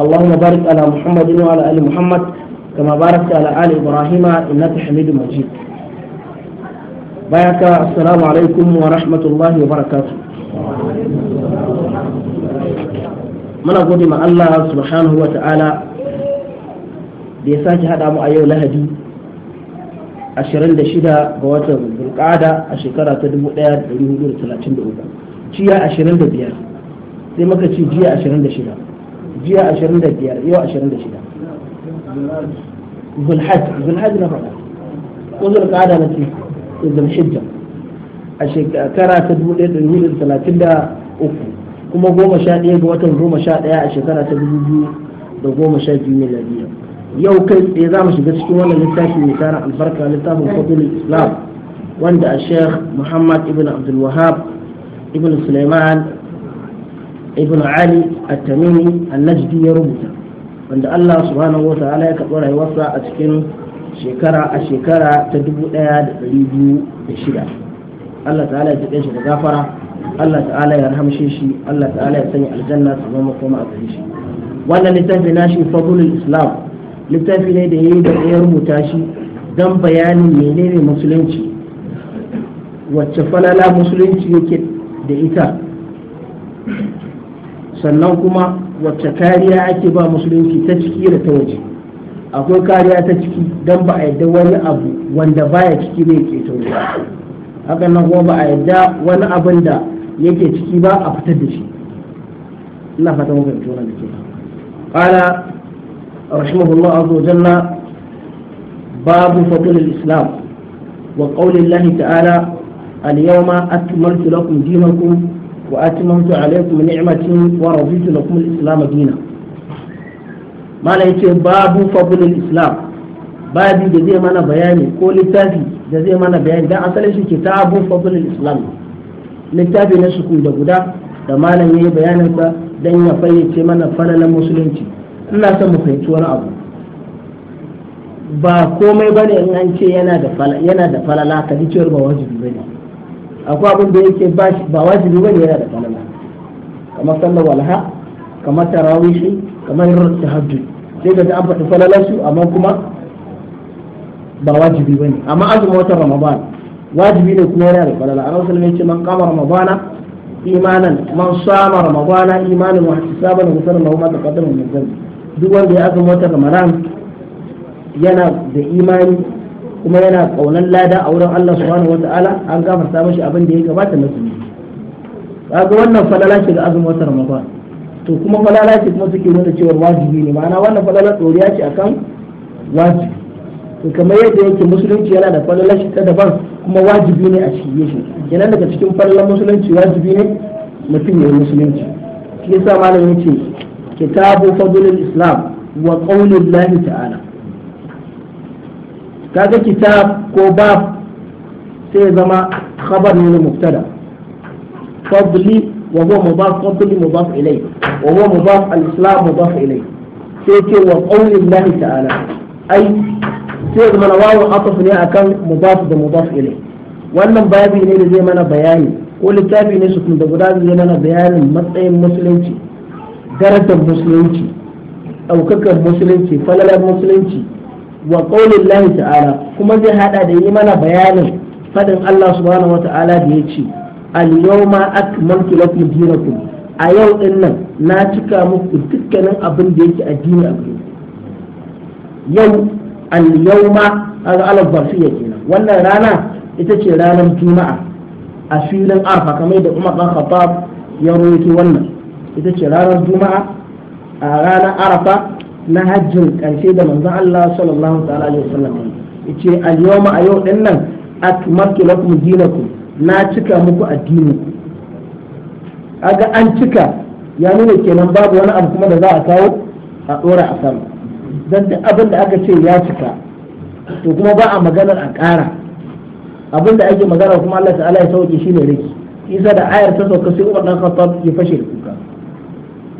اللهم بارك على محمد وعلى آل محمد كما باركت على آل إبراهيم إنك حميد مجيد بارك السلام عليكم ورحمة الله وبركاته muna gode ma Allah subhanahu wa ta'ala da ya sake haɗa mu a yau lahadi 26 ga watan bulƙada a shekara ta ashirin da biyar sai maka ci jiya shida. jiya ashirin da biyar yau ashirin da shida zulhaj zulhaj na faɗa ko zulƙada na ce zulhijja a shekara ta dubu ɗaya da dubu talatin da uku kuma goma sha ɗaya ga watan goma sha ɗaya a shekara ta dubu biyu da goma sha biyu miladiya yau kai tsaye za mu shiga cikin wannan littafi mai tara albarka littafin fadlul islam wanda a shek muhammad ibn abdul wahab ibn suleiman ibn ali at-tamimi an-najdi ya rubuta wanda Allah subhanahu wata'ala ya karɓi rayuwarsa a cikin shekara a shekara ta shida Allah ta'ala ya taɓe shi da gafara Allah ta'ala ya rahamshe shi Allah ta'ala ya sanya aljanna su zama kuma a gare shi wannan littafi na shi fadlul islam littafi ne da yayi da ya rubuta shi dan bayanin menene musulunci wacce falala musulunci yake da ita sannan kuma wacce kariya ake ba musulunci ta ciki da ta waje akwai kariya ta ciki don ba a yadda wani abu wanda baya ciki bai ke ba hakan nan kuma ba a yadda wani abin da yake ciki ba a fitar da shi ina fatan muka fito da ke a qala rahimahullah azza jalla babu fadl al-islam wa qawli Allah ta'ala al-yawma akmaltu lakum dinakum وأتممت عليكم نعمتي ورضيت لكم الإسلام دينا ما babu باب al-islam babi da zai mana bayani ko littafi da zai mana bayani dan asalin shi kitabu fadlul islam littafi na suku da guda da malam yayi bayanin sa dan ya fayyace mana falalan musulunci ina son mu fahimci abu ba komai bane in an ce yana da falala yana da falala ka ji cewa ba wajibi bane akwai abin da yake ba wajibi bane yana da falala kamar sallar walha kamar tarawishi kamar tahajjud sai ga an faɗi falalar su amma kuma ba wajibi bane amma azumin watan ramadan wajibi ne kuma yana da falala annabi sallallahu alaihi man qama ramadan imanan man sama ramadana imanan wa hisaban wa sallallahu ma taqaddama min dhanbi duk wanda ya azumin watan ramadan yana da imani kuma yana kaunan lada a wurin Allah subhanahu ta'ala an gafarta mashi abin da ya gabata na zunubi kaga wannan falala ce ga azumin watan Ramadan to kuma falala ce kuma suke nuna cewa wajibi ne ma'ana wannan falala tsoriya ce akan wajibi to kamar yadda yake musulunci yana da falala shi ta daban kuma wajibi ne a cikin shi kenan daga cikin falalan musulunci wajibi ne mutum ya yi musulunci shi yasa malam ce kitabu fadlul islam wa qaulul lahi ta'ala kaga kitab ko ba sai zama khabar ne mubtada fadli wa huwa mudaf fadli mudaf ilay wa huwa mudaf al-islam mudaf ilay sai ce wa qawli Allah ta'ala ai sai zama na wawu ataf ne akan mudaf da mudaf ilay wannan babi ne da zai mana bayani ko littafi ne su kuma da guda zai mana bayanin matsayin musulunci darajar musulunci ɗaukakar musulunci falalar musulunci wa qaulillahi ta'ala kuma zai hada da yi mana bayanin faɗin Allah subhanahu wa ta'ala da yace al-yawma akmaltu lakum dinakum a yau din nan na cika muku dukkanin abin da yake addini a yau al-yawma al kenan wannan rana ita ce ranar juma'a a filin arfa kamar da Umar bin Khattab ya rawaito wannan ita ce ranar juma'a a ranar arafa na hajjin ƙarshe da manzon Allah sallallahu ta'ala alaihi wasallam yace al-yawma a yau din nan akmaltu lakum dinakum na cika muku addini kaga an cika ya nuna kenan babu wani abu kuma da za a kawo a dora a sama dan duk abin da aka ce ya cika to kuma ba a maganar a ƙara abin da ake magana kuma Allah ta'ala ya sauke shi ne riki isa da ayar ta sauka sai Umar dan Khattab ya fashe da kuka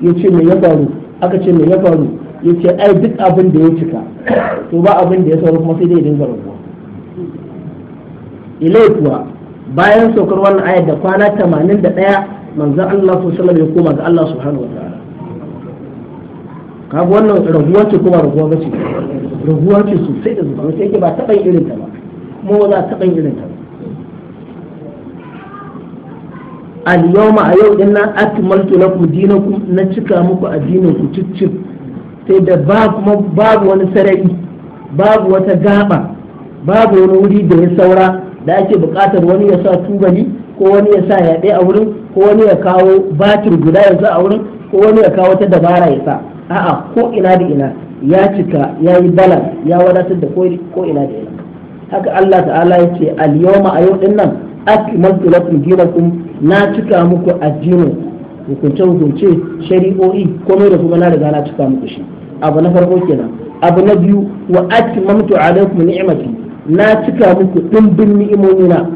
yace me ya faru aka ce me ya faru yace ai duk abin da ya cika to ba abin da ya saura kuma sai dai dinga rabuwa ilai kuwa bayan saukar wannan ayat da kwana 81 manzon Allah sallallahu alaihi wasallam ya koma ga Allah subhanahu wa ta'ala kaga wannan raguwa ce kuma raguwa ba ce raguwa ce sosai da zuwa sai yake ba taɓa irin ta ba kuma ba za ta taɓa irin ta ba al yawma a yau dinna akmaltu lakum dinakum na cika muku addinin ku ciccin sai da babu wani sarari babu wata gaba babu wani wuri da ya saura da ake bukatar wani ya sa tubali ko wani ya sa yaɗe a wurin ko wani ya kawo batir guda ya sa a wurin ko wani ya kawo ta dabara ya sa a'a ko ina da ina ya cika ya yi balan ya wadatar da ko ina da ina haka Allah ta'ala ya ce al yawma a yau din nan akmaltu lakum dinakum na cika muku addinin hukunce hukunce shari'o'i komai da kuma na riga na cika muku shi abu na farko kenan abu na biyu wa mamtu alaikum ni'mati na cika muku dimbin ni'imomi na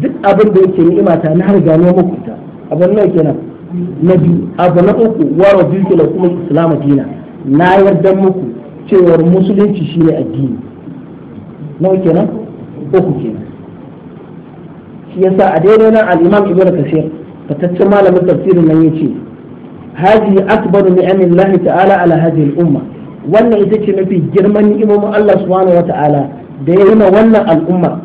duk abin da yake ta na riga ne muku ta abu na kenan na biyu abu na uku wa raditu la kuma islamu dina na yarda muku cewar musulunci shine addini na kenan uku kenan shi yasa a daidai nan al-imam ibnu kasir fataccen malamin tafsirin nan yace hadi akbaru ni'amillahi ta'ala ala hadhihi al-umma wannan ita ce mafi girman ni'imomin Allah subhanahu wata'ala da ya yi wannan al'umma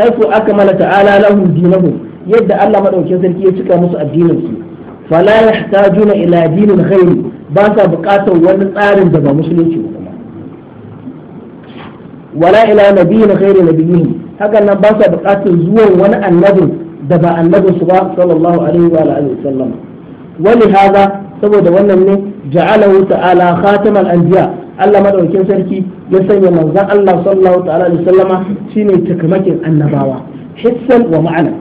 haifu aka mala ta'ala lahu dinahum yadda Allah madaukakin sarki ya cika musu addinin su fala yahtajuna ila dinin ghairi ba sa buƙatar wani tsarin da ba musulunci ba kuma wala ila nabiyyin ghairi nabiyyin hakan nan ba sa buƙatar zuwan wani annabin da ba annabinsu ba sallallahu alaihi wa alihi wasallam wani haza saboda wannan ne ja'alahu ta'ala khatamal anbiya Allah madaukakin sarki ya sanya manzon Allah sallallahu ta'ala alaihi wasallama shine takamakin annabawa hissan wa ma'ana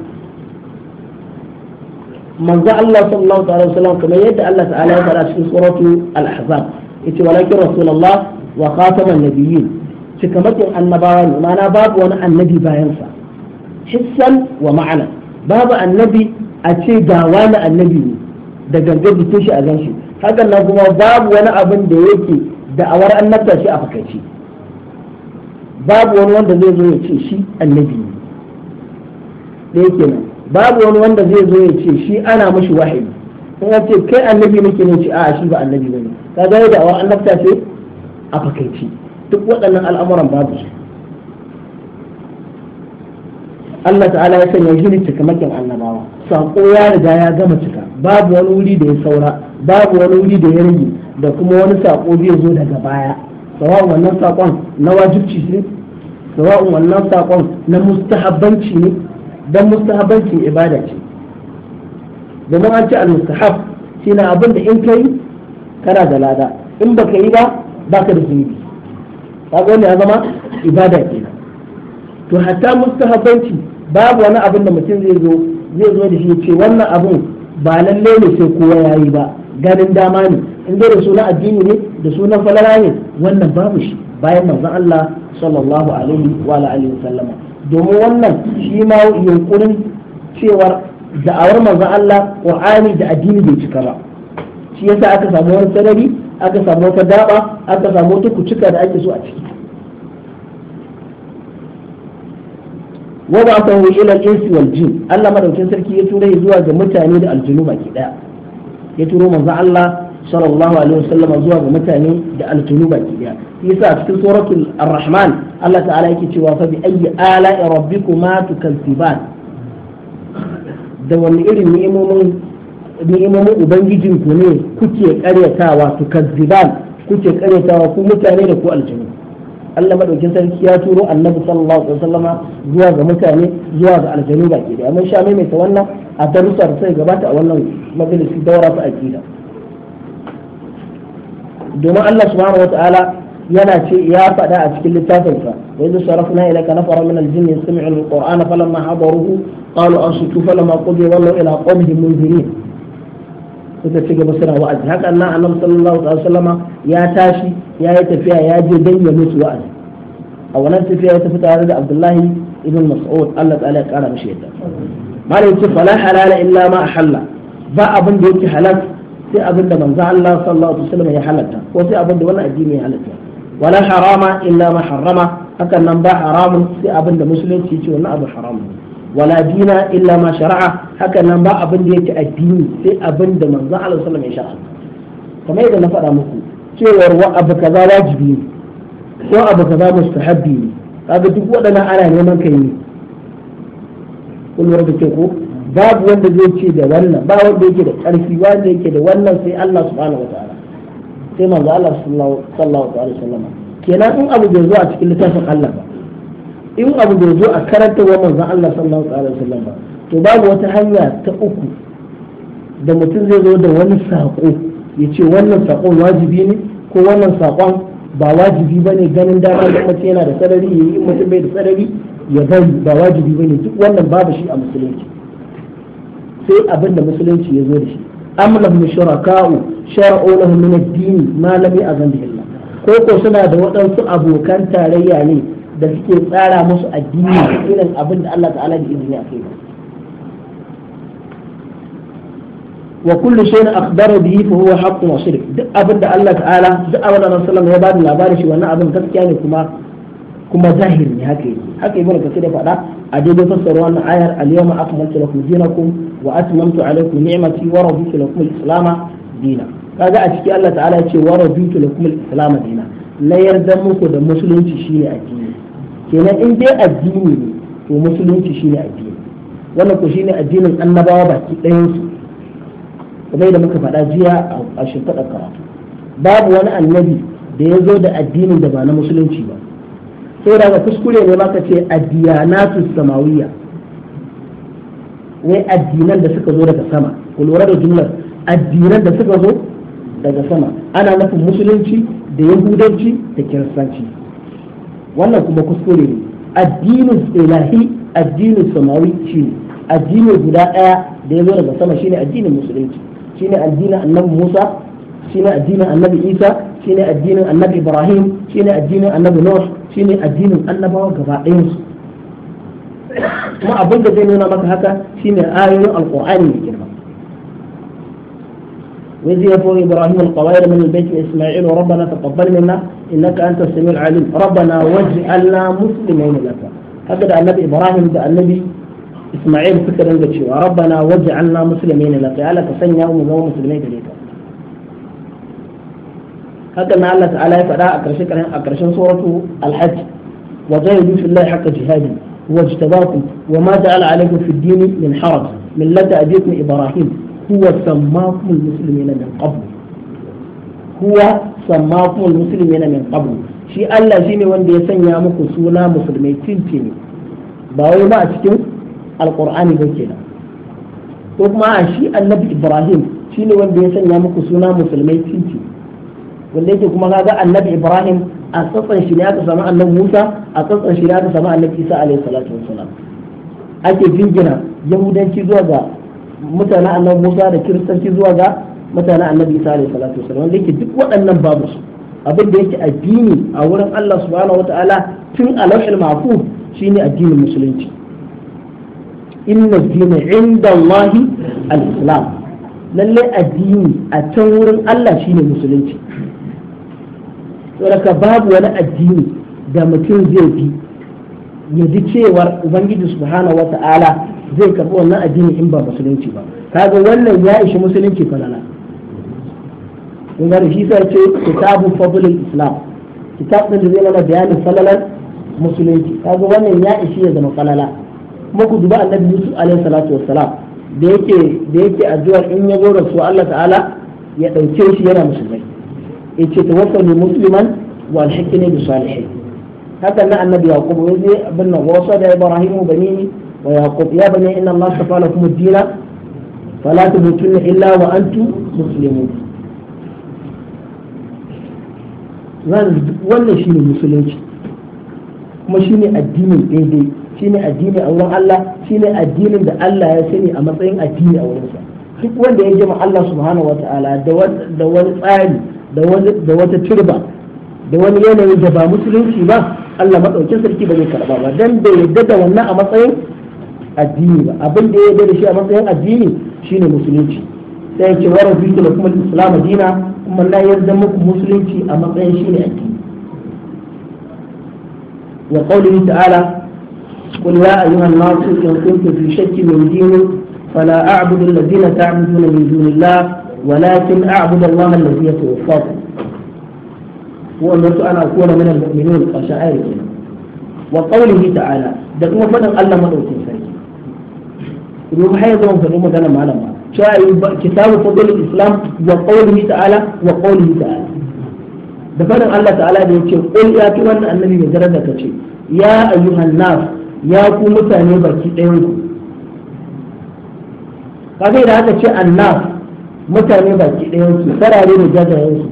manzon Allah sallallahu ta'ala alaihi wasallama kamar yadda Allah ta'ala ya fara cikin suratu al-ahzab yace walakin rasulullah wa khataman nabiyyin cikamakin annabawa ne ma'ana babu wani annabi bayansa hissan wa ma'ana babu annabi a ce ga wani annabi ne da gangar jikin shi a gan shi hakan nan kuma babu wani abin da yake da'awar annabta shi a fakaice babu wani wanda zai zo ya ce shi annabi ne da yake nan babu wani wanda zai zo ya ce shi ana mashi wahayi in ya ce kai annabi nake ne ce a'a shi ba annabi bane ka ga da'awar annabta ce a fakaice duk waɗannan al'amuran babu su Allah ta'ala ya sanya shi ne cikamakin annabawa sako ya riga ya gama cika babu wani wuri da ya saura babu wani wuri da ya rage da kuma wani sako zai zo daga baya sawa'un wannan sakon na wajibci ne sawa'un wannan sakon na mustahabbanci ne dan mustahabbanci ibada ce domin an ce al-mustahab shine abin da in kai kana da lada in baka yi ba baka da zunubi kaga wannan ya zama ibada kenan to hatta mustahabbanci babu wani abin da mutum zai zo zai zo da shi ce wannan abin ba lalle ne sai kowa yayi ba ganin dama ne in dai da sunan addini ne da sunan falala ne wannan babu shi bayan manzon Allah sallallahu alaihi wa alihi wasallama domin wannan shi ma yunkurin cewar da'awar manzon Allah Qur'ani da addini bai cika ba shi yasa aka samu wani sarari aka samu wata daba aka samu wata kucika da ake so a ciki wa ba ta hu ila insi wal jin Allah madaukin sarki ya tura zuwa ga mutane da aljinu baki daya ya turo manzo Allah sallallahu alaihi wasallam zuwa ga mutane da aljinu baki daya yasa cikin suratul ar-rahman Allah ta'ala yake cewa fa bi ayyi ala'i rabbikuma tukazziban da wani irin ni'imomin ni'imomin ubangijinku ne kuke karyatawa tukazziban kuke karyatawa ku mutane da ku aljinu Allah madaukin sarki ya turo annabi sallallahu alaihi wasallama zuwa ga mutane zuwa ga aljanu baki da mun sha mai wannan a darussa da sai gabata a wannan majalisi daura ta akida domin Allah subhanahu wataala yana ce ya faɗa a cikin littafinsa wa idza sarafna ilayka nafara min al-jinni yastami'u al-qur'ana falamma hadaruhu qalu ansitu falamma qudiya wallahu ila qawmihim munzirin suka ci gaba suna wa'azi haka nan annabi sallallahu alaihi wasallama ya tashi ya yi tafiya ya je dan ya musu wa'azi a wannan tafiya ya tafi tare da Abdullahi ibn Mas'ud Allah ta'ala ya kara mishi yadda malai ce fala halala illa ma halala ba abin da yake halal sai abin da manzo Allah sallallahu alaihi wasallam ya halatta ko sai abin da wannan addini ya halatta wala harama illa ma harama hakan nan ba haramun sai abin da musulunci ce wannan abu haramun wala dina illa ma shari'a haka nan ba abin da yake addini sai abin da manzon Allah sallallahu alaihi wasallam ya kamar yadda na faɗa muku cewar wa abu kaza wajibi ne ko abu kaza mustahabbi ne kaga duk waɗannan ana neman kai ne kun da ke ko babu wanda zai ce da wannan ba wanda yake da ƙarfi wanda yake da wannan sai Allah subhanahu wataala sai manzo Allah sallallahu alaihi wasallam kenan in abu bai zo a cikin littafin Allah ba in abu bai zo a karanta wa manzon Allah sallallahu alaihi wasallam ba to babu wata hanya ta uku da mutum zai zo da wani sako ya ce wannan sakon wajibi ne ko wannan sakon ba wajibi ba ne ganin dama da mace yana da sarari ya yi mutum bai da sarari ya bari ba wajibi ba ne duk wannan babu shi a musulunci sai abin da musulunci ya zo da shi am lahum shuraka'u shar'u lahum min ad-din ma lam ya'zan bihi ko ko suna da waɗansu abokan tarayya ne da suke tsara musu addini irin abin da Allah ta'ala da izini a kai wa kullu shay'in akhbara bihi fa huwa haqqun wa shirk duk abin da Allah ta'ala duk abin da Rasulullah ya bada labari shi wannan abin gaskiya ne kuma kuma zahiri ne haka yake haka ibn kasir ya faɗa a daidai fassara wannan ayar al-yawma akmaltu lakum dinakum wa atmamtu alaykum ni'mati wa raditu lakum al-islam dina kaga a ciki Allah ta'ala ya ce wa raditu lakum al-islam dina na yarda muku da musulunci shine addini kenan in dai addini ne to musulunci shine addini wannan ko shine addinin annabawa baki ɗayan su kamar da muka faɗa jiya a shimfiɗa karatu babu wani annabi da ya zo da addinin da ba na musulunci ba sai daga kuskure ne maka ce addiyanatu samawiya wai addinan da suka zo daga sama ku lura da jumlar addinan da suka zo daga sama ana nufin musulunci da yahudanci da kiristanci wannan kuma kuskure ne addinin ilahi addinin samawi shine addini guda daya da ya zo daga sama shine addinin musulunci shine addinin annabi Musa shine addinin annabi Isa shine addinin annabi Ibrahim shine addinin annabi Nuh shine addinin annabawa gaba ɗayan su kuma abin da zai nuna maka haka shine ayoyin alqur'ani mai girma وإذ يرفع إبراهيم القوائر من البيت إسماعيل وربنا تقبل منا إنك أنت السميع العليم ربنا واجعلنا مسلمين لك هكذا النبي إبراهيم ده النبي إسماعيل فكر عندك شيء ربنا واجعلنا مسلمين لك ألا تسنى ومزوم مسلمين لك هكذا الله تعالى فلا أكرشن سورة الحج وجاهدوا في الله حق جهاده واجتباكم وما جعل عليكم في الدين من حرج من لدى أبيكم إبراهيم huwa sammakum almuslimina min qabl huwa sammakum almuslimina min qabl shi Allah shine wanda ya sanya muku suna musulmai tintini ba wai ba a cikin alqur'ani ba kenan ko kuma a shi annabi Ibrahim shine wanda ya sanya muku suna musulmai tintini wanda yake kuma kaga annabi Ibrahim a tsatsan shi ne aka samu annabi Musa a tsatsan shi ne aka samu annabi Isa alaihi salatu wassalam ake jingina yahudanci zuwa ga mutanen annabi Musa da kiristanci zuwa ga mutanen annabi Isa alaihi salatu wasallam wanda yake duk waɗannan babu su abin da yake addini a wurin Allah subhanahu wataala tun a lauhil mahfuz shine addinin musulunci inna dina inda Allah al-islam lalle addini a can wurin Allah shine musulunci saboda babu wani addini da mutum zai bi ya ji cewar ubangiji subhanahu wataala zai karɓi wannan addini in ba musulunci ba kaga wannan ya ishi musulunci falala kun gane shi sai ce kitabu fadlul islam kitab din da zai mana bayanin falalan musulunci kaga wannan ya ishi ya zama falala kuma ku duba annabi Yusuf alaihi salatu wassalam da yake da yake addu'a in ya zo rasu Allah ta'ala ya dauke shi yana musulmai yace tawaffani musliman wa alhiqni bi salihin haka na annabi yaqub yaje abin nan wasa da ibrahim bani ويعقوب يا بني إن الله اصطفى لكم الدين فلا تموتن إلا وأنتم مسلمون wannan shi ne musulunci kuma shi ne addinin daidai shi ne addini Allah Allah shi ne addinin da Allah ya sani a matsayin addini a wurinsa duk wanda ya jima Allah subhanahu ta'ala da wani tsari da wata turba da wani yanayi da ba musulunci ba Allah maɗaukin sarki ba zai karɓa ba dan bai yadda da wannan a matsayin addini ba abin da ya yarda da shi a matsayin addini shine musulunci sai ce wa da lakum al-islam dina kuma la yarda muku musulunci a matsayin shine addini wa qawlihi ta'ala قل يا أيها الناس إن كنتم في شك من ديني فلا أعبد الذين تعبدون من دون الله ولكن أعبد الله الذي يتوفاكم وأمرت أن أكون من المؤمنين الشعائر da kuma دقوا allah الله مدعوكم domin har yanzu ban faɗi maganar malam ba cewa yi kitabu fadlul islam wa qawlihi ta'ala wa qawlihi ta'ala da fadin Allah ta'ala da yake qul ya ki wannan annabi mai daraja ka ce ya ayyuhan nas ya ku mutane baki ɗayan ku kaga idan aka ce annas mutane baki ɗayan su farare da jajayen su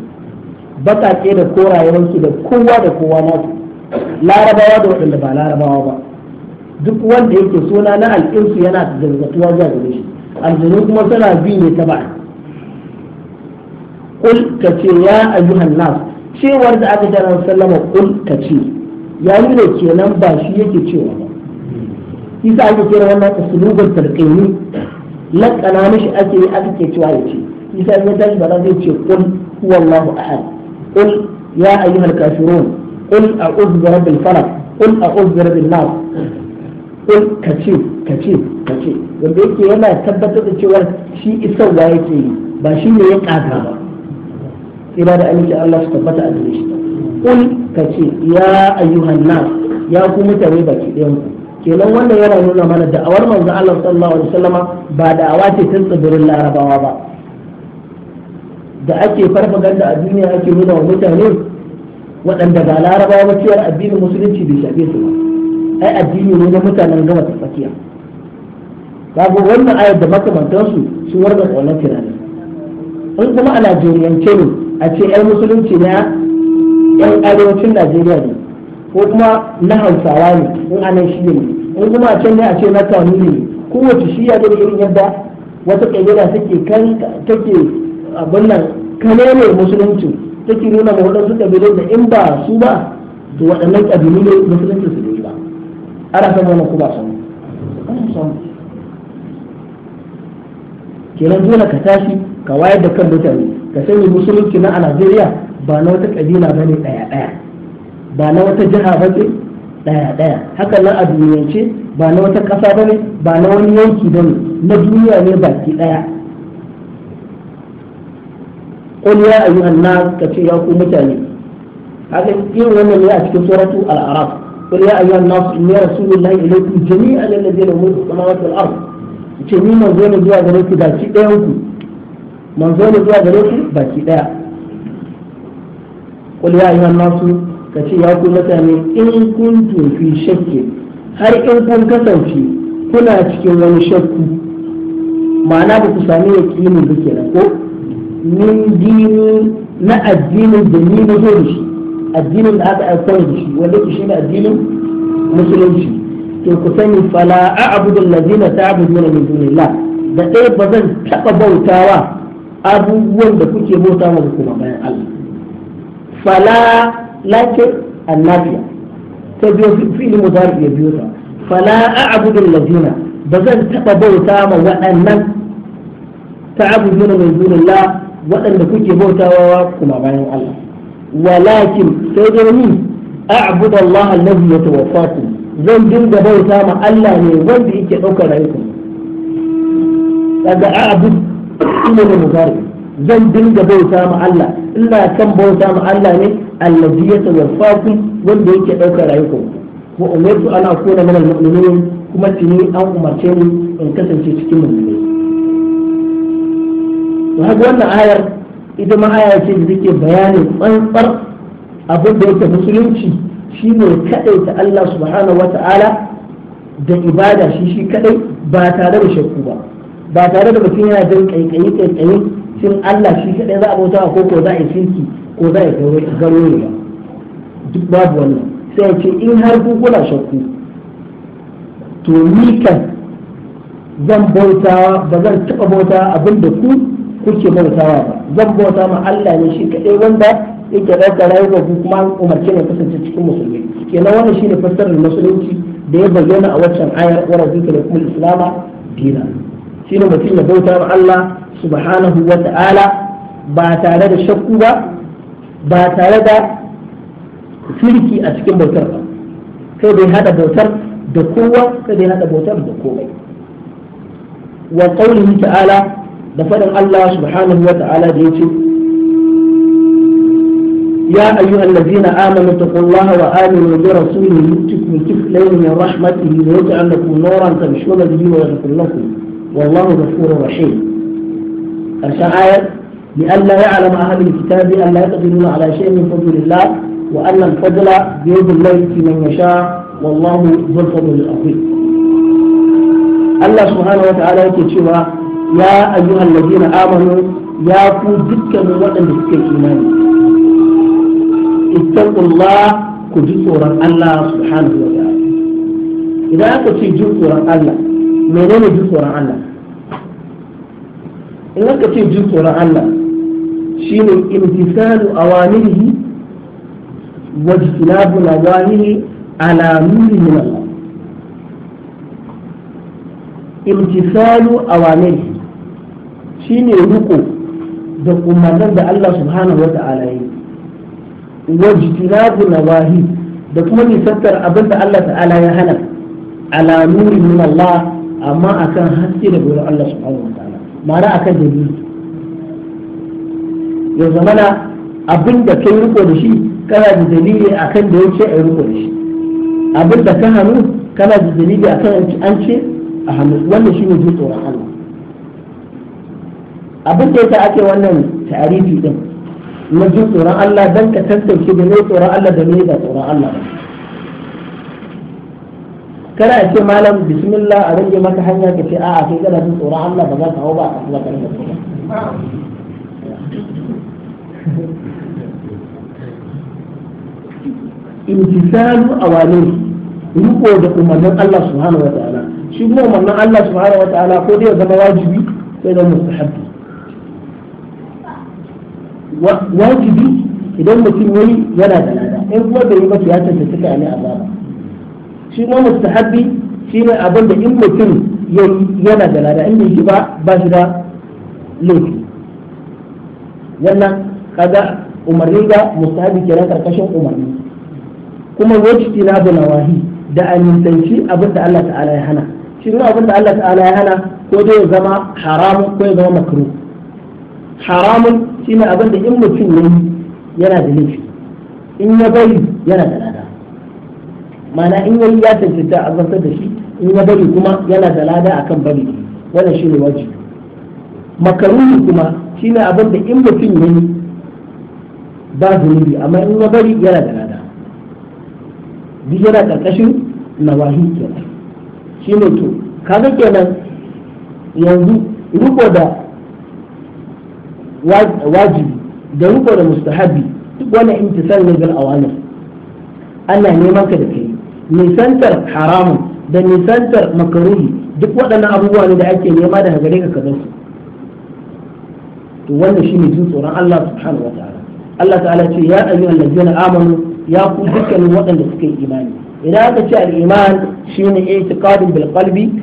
bakake da korayen su da kowa da kowa nasu larabawa da waɗanda ba larabawa ba duk wanda yake suna na alƙinsu yana zargatuwa zuwa gare shi aljanu kuma suna bi ne ta ba kul ka ce ya ayyuhan nas cewar da aka tana sallama kul ka ce ya nuna kenan ba shi yake cewa ba isa ake kira wannan usulubul tarqini lakana shi ake yi aka ke cewa ya ce isa ya tashi ba zai ce kul huwallahu ahad kul ya ayyuhal kafirun kul a'udhu bi rabbil falaq kul a'udhu bi rabbin nas kul ka ce ka ce ka ce wanda yake yana tabbatar da cewa shi isarwa yake yi ba shi ne ya kaga ba ira da aminci Allah su tabbata a gare shi ka ce ya ayyuhan nas ya ku mutane baki ɗayan ku kenan wannan yana nuna mana da'awar manzo Allah sallallahu alaihi wasallama ba da'awa ce ta tsibirin larabawa ba da ake farfaganda a duniya ake nuna wa mutane waɗanda ba larabawa ba cewar addinin musulunci bai shafe su ba ai addini ne na mutanen gama tsakiya babu wannan ayar da makamantansu su warga wannan tunani in kuma a najeriyance ne a ce yan musulunci na yan arewacin najeriya ne ko kuma na hausawa ne in a nan shiya ne in kuma a can ne a ce na kanu ne kowace shiya da irin yadda wata kayyada take kan take abin nan kanene musulunci take nuna ma waɗansu kabilun da in ba su ba to waɗannan kabilu ne musulunci su ana samu wannan ko ba ana samu kenan dole ka tashi ka wayar da kan mutane ka sani musulunci na a Najeriya ba na wata kabila bane daya daya ba na wata jiha bace daya daya hakan nan a ba na wata kasa bane ba na wani yanki bane na duniya ne baki daya قل يا أيها الناس كتير يا mutane. هذا إيه ومن يا أشكي tsoratu الأعراف قل ya أيها الناس إني رسول الله إليكم جميعا الذين هم في السماوات والأرض ce ni manzo ne zuwa gare ku zuwa gare ku baki ɗaya qul ya ayyuhan nasu kace ya ku mutane in kun fi shakki har in kun kasance kuna cikin wani shakku ma'ana da ku sami yaqini ba kenan ko min na addinin da ni na zo da shi addinin da aka aiko da shi wanda shi ne addinin musulunci to ku sani fala a'budu allazina ta'buduna min dunillah da ba zan bautawa abubuwan da kuke bauta wa kuma bayan Allah fala annabiya ta biyo mudari ya biyo ta fala a'budu allazina ba zan bauta ma waɗannan ta'buduna min dunillah waɗanda kuke bautawa kuma bayan Allah walakin sai dai ni a'budu Allah allazi yatawaffaku zan dinga bauta ma Allah ne wanda yake daukar rayuka daga a'budu ina da mudari zan dinga bauta ma Allah ina kan bauta ma Allah ne allazi yatawaffaku wanda yake daukar rayuka wa umirtu an akuna min al-mu'minin kuma tuni an umarce ni in kasance cikin mu'minai to haka wannan ayar ita ma aya ce da take bayanin tsantsar abin da yake musulunci shi ne kaɗai ta Allah subhanahu wa ta'ala da ibada shi shi kaɗai ba tare da shakku ba ba tare da mutum yana jin ƙaiƙayi ƙaiƙayi cin Allah shi kaɗai za a bauta ko ko za a yi sinki ko za a yi garo ne ba duk babu wannan sai ce in har ku kuna shakku to ni kan zan bautawa ba zan taɓa bauta abin da ku kuke bautawa ba zan bauta ma Allah ne shi kaɗai wanda yake da rayuwa ku kuma umarce ne kasance cikin musulmi kenan wannan shine fassarar musulunci da ya bayyana a waccan ayar wa rabbika da kuma islama dina shine mutum ya bauta ma Allah subhanahu wa ta'ala ba tare da shakku ba ba tare da shirki a cikin bautar ba kai bai hada bautar da kowa kai bai hada bautar da komai wa qawlihi ta'ala da الله سبحانه وتعالى wa يا أيها الذين آمنوا اتقوا الله وآمنوا برسوله يؤتكم كفلين من رحمته ويجعل لكم نورا تمشون به ويغفر لكم والله غفور رحيم. الشعائر آية لأن لا يعلم أهل الكتاب أن لا يقدرون على شيء من فضل الله وأن الفضل بيد الله في من يشاء والله ذو الفضل العظيم. الله سبحانه وتعالى يقول ya ayyuhal ladina amanu ya ku dukkanin waɗanda suka yi imani ittaqullah ku ji tsoron Allah subhanahu wa ta'ala idan aka ce ji tsoron Allah menene ji tsoron Allah in aka ce ji tsoron Allah shine imtisalu awamirihi wa ijtinabu nawahihi ala nuri min Allah imtisalu awamiri ne ruko da umarnin da Allah subhanahu wa ta'ala yi wajtinabu nawahi da kuma nisantar abin da Allah ta'ala ya hana ala nuri min Allah amma akan haske da gurin Allah subhanahu wa ta'ala mara akan dalili ya zamana abin da kai riko da shi kana da dalili akan da yace ai riko da shi abin da ka hannu kana da dalili akan an ce a hannu wannan shi ne jin tsoron Allah abin da yasa ake wannan tarihi din na jin tsoron Allah dan ka tantance da ne tsoron Allah da ne da tsoron Allah kada a ce malam bismillah a rage maka hanya ka ce a'a kai kana jin tsoron Allah ba za ka hau ba a kasuwa karin da tsoron imtisalu awamir riko da umarnin Allah subhanahu wa ta'ala shi kuma umarnin Allah subhanahu wa ta'ala ko dai zama wajibi ko ya zama mustahabbi wajibi idan mutum yayi yana da lada in kuma bai yi ba ya tantance ka ne azaba shi kuma mustahabbi shine abin da in mutum yana da lada in bai yi ba ba shi da laifi wannan kaga umarni ga mustahabi kenan karkashin umarni kuma na da nawahi da a nisanci abin da Allah ta'ala ya hana shi ne abin da Allah ta'ala ya hana ko dai ya zama haramun ko ya zama makruh haramun shi ne abin da in mutum ne yana da laifi in ya bari yana da lada ma'ana in yayi ya tantance a zartar da shi in ya bari kuma yana da lada akan bari wannan shi ne wajibi makaruhi kuma shi abin da in mutum ya yi ba zunubi amma in ya bari yana da lada duk yana ƙarƙashin nawahi kenan shi ne to kaga kenan yanzu riko da wajibi da riko da mustahabi duk wani intisar ne bil awamir ana neman ka da kai nisantar haramun da nisantar makaruhi duk waɗannan abubuwa ne da ake nema da gare ka kaza su to wannan shine jin tsoron Allah subhanahu wa ta'ala Allah ta'ala ce ya ayyuhal ladina amanu ya ku dukkanin waɗanda suka yi imani idan aka ce al-iman shine i'tiqadun bil qalbi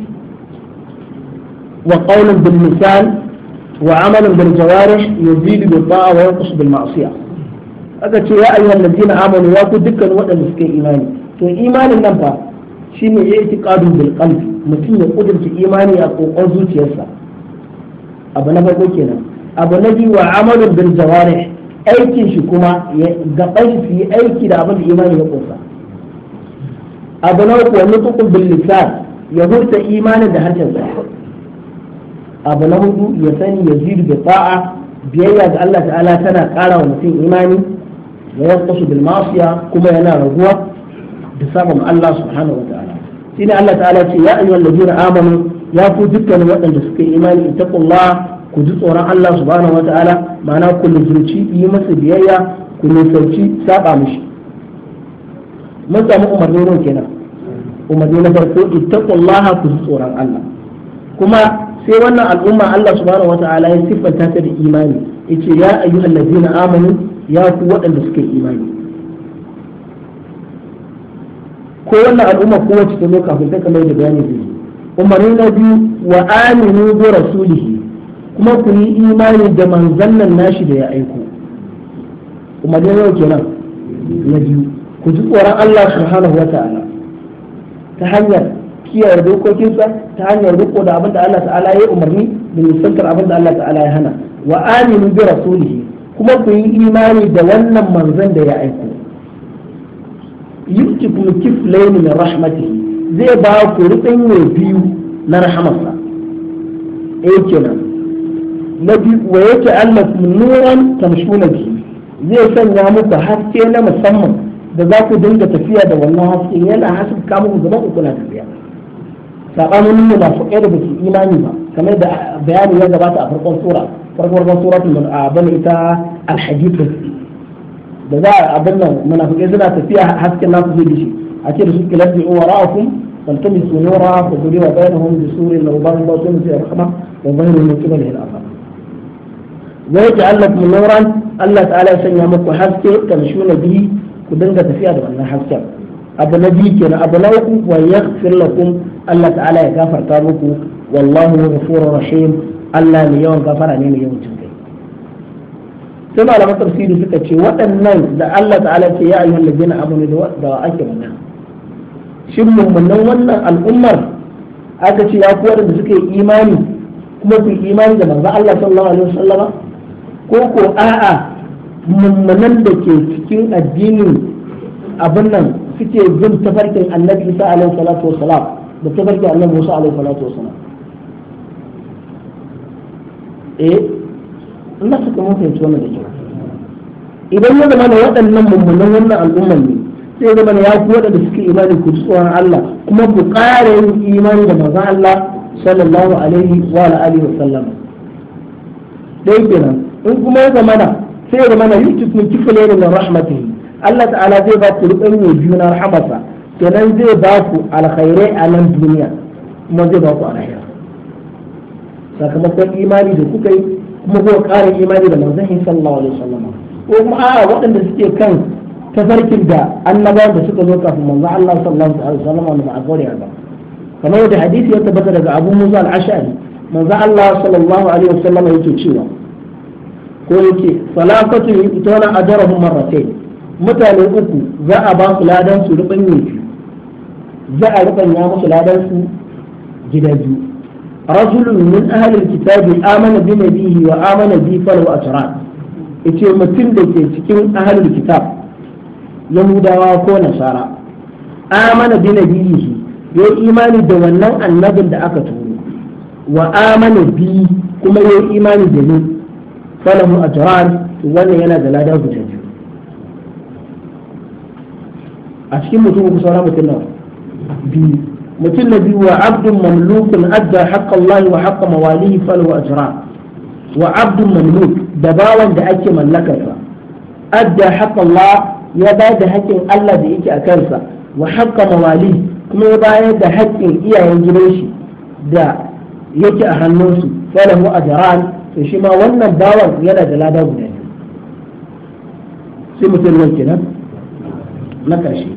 wa qawlun bil lisan wa amalun bil jawarih yazidu bil ta'a wa yanqus bil ma'siyah aka ce ya ayyuhal ladina amanu ya ku dukkanin waɗanda suka yi imani to imanin nan fa shine i'tiqadun bil qalbi mutum ya kudurta imani a kokon zuciyarsa abu na farko kenan abu na biyu wa amalun bil jawarih aikin shi kuma ya gaban shi yi aiki da abin da imani ya kusa abu na uku wani tukun bil ya hurta imanin da harshen sa abu na hudu ya sani ya zidu da ta'a biyayya ga Allah ta'ala tana ƙara wa mutum imani wa yaqtasu bil ma'siya kuma yana raguwa da sabon Allah subhanahu wa ta'ala Allah ta'ala ce ya ayyuhallazina amanu ya fi dukkanin waɗanda suka yi imani ittaqullah ku ji tsoron Allah subhanahu wataala ma'ana ku nufarci yi masa biyayya ku nufarci saba mishi mun samu umarni nan kenan umarni na farko ittaqullaha ku ji tsoron Allah kuma sai wannan al'umma Allah subhanahu wataala ya siffanta ta da imani yace ya ayyuhallazina amanu ya ku waɗanda suke imani ko wannan al'umma ko wacce ta zo kafin ta kamar da bayani zai umarni na biyu wa aminu bi rasulihi kuma ku yi imani da manzan nan nashi da ya aiko kuma dai yau kenan na biyu ku ji tsoron Allah subhanahu wa ta'ala ta hanyar kiyaye dokokinsa ta hanyar riko da abin Allah ta'ala ya umarni da nisantar abin Allah ta'ala ya hana wa aminu bi rasulihi kuma ku yi imani da wannan manzan da ya aiko yutikum kiflayn min rahmatihi zai ba ku rubin biyu na rahamarsa eh kenan na biyu wa yake Allah nuran tamshuna bi zai sanya muku haske na musamman da za ku dinga tafiya da wannan haske yana haska muku gaban ku kuna tafiya sabanin mu masu kai da ba su imani ba kamar da bayani ya gabata a farkon sura farkon suratul bani ita al-hadith da za a abin nan munafikai suna tafiya hasken nasu zai dishi a ce da su kilar bi'u wa ra'akum فالتمسوا نورا فجري وبينهم بسور له باب باطن فيه رحمه وظهر من قبله الاخر wa allah kuma nuran Allah ta'ala ya sanya muku haske tamshuna bihi ku dinga tafiya da wannan hasken abu na biyu kenan abu na uku wa yaghfir lakum Allah ta'ala ya gafarta muku wallahu ghafurur rahim Allah ne yawan gafara ne mai yawan cin kai sai malaman tafsiri suka ce waɗannan da Allah ta'ala ce ya ayyuhal ladina amanu da ake wannan shin mummunan wannan al'ummar aka ce ya kuwa da suka yi imani kuma su imani da manzo Allah sallallahu alaihi wasallama ko ko a'a mummunan da ke cikin addinin abin nan suke bin tafarkin annabi isa alaihi salatu wasalam da tafarkin annabi musa alaihi salatu wasalam eh ina suka mun fahimci wannan da kyau idan ya zama da waɗannan mummunan wannan al'ummar ne sai ya zama ya ku da suke imani ku tsoron Allah kuma ku ƙara yin imani da manzon Allah sallallahu alaihi wa alihi wa sallam dai kenan in kuma ya zamana sai ya zamana yusuf min kiflayn min rahmatihi Allah ta'ala zai ba ku rubin biyu na rahamarsa kenan zai ba ku alkhairai a nan duniya kuma zai ba ku alkhairai sakamakon imani da kuka yi kuma kuka ƙara imani da manzon sallallahu alaihi wasallam ko kuma a'a waɗanda suke kan tafarkin da annabawan da suka zo kafin manzon Allah sallallahu alaihi wasallam wanda ba a gaure kamar yadda hadisi ya tabbata daga Abu Musa al-Ash'ari manzon Allah sallallahu alaihi wasallam yake cewa ko yake salafatu yu'tuna ajrahum marratayn mutane uku za a ba su ladan su ne za a ya musu ladan su gida biyu rajulun min ahli alkitabi amana bi nabihi wa amana bi falu ajran yace mutum da ke cikin ahli kitab yahudawa ko nasara amana bi nabihi yayi imani da wannan annabin da aka turo wa amana bi kuma yayi imani da ni falahu ajran wannan yana da lada guda biyu a cikin mutum ku saura mutum nawa biyu mutum na biyu wa abdun mamlukun adda haqqa Allah wa haqqa mawalihi falahu ajran wa abdun mamluk da bawan da ake mallakarsa adda haqqa Allah ya ba da haƙƙin Allah da yake a kansa wa haqqa mawalihi kuma ya bayar da haƙƙin iyayen gidan shi da yake a hannunsu falahu ajran to shi ma wannan bawan yana da lada guda sai mutum ruwan kenan na ƙarshe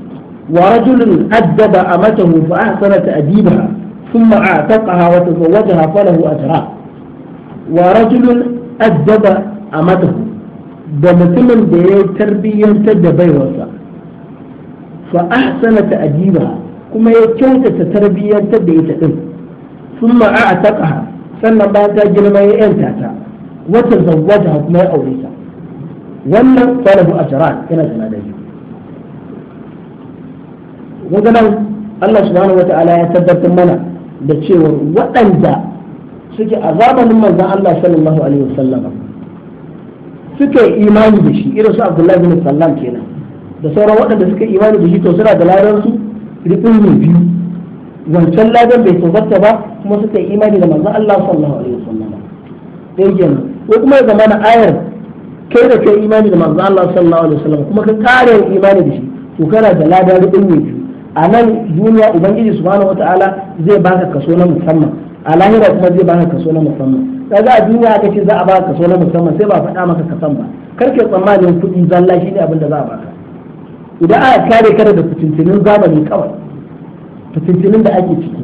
wa rajulun addaba amatahu fa ahsana ta'dibaha thumma a'taqaha wa tazawwajaha falahu ajra wa rajulun addaba amatahu da mutumin da ya tarbiyyantar da baiwarsa fa ahsana ta'dibaha kuma ya kyautata tarbiyyantar da ita din thumma a'taqaha sannan bayan ta girma ya yanta ta wata zawwaja kuma ya aure ta wannan a ajran yana da ladabi kun nan Allah subhanahu wataala ya tabbatar mana da cewa waɗanda suke a zamanin manzon Allah sallallahu alaihi sallama suke imani da shi irin su Abdullahi bin Sallam kenan da sauran waɗanda suka imani da shi to suna da larar su biyu wancan ladan bai tozarta ba kuma suka yi imani da manzon Allah sallallahu alaihi wasallam dai kenan ko kuma ya zama na ayar kai da kai imani da manzon Allah sallallahu alaihi wasallam kuma ka kare imani da shi to kana da ladan rubin ne a nan duniya ubangiji subhanahu wataala zai baka kaso na musamman a lahira kuma zai baka kaso na musamman kaga a duniya aka ce za a baka kaso na musamman sai ba faɗa maka kasan ba karke tsammanin kuɗi zalla shine abin da za a baka idan aka kare ka da fitintunin zamani kawai fitintinin da ake ciki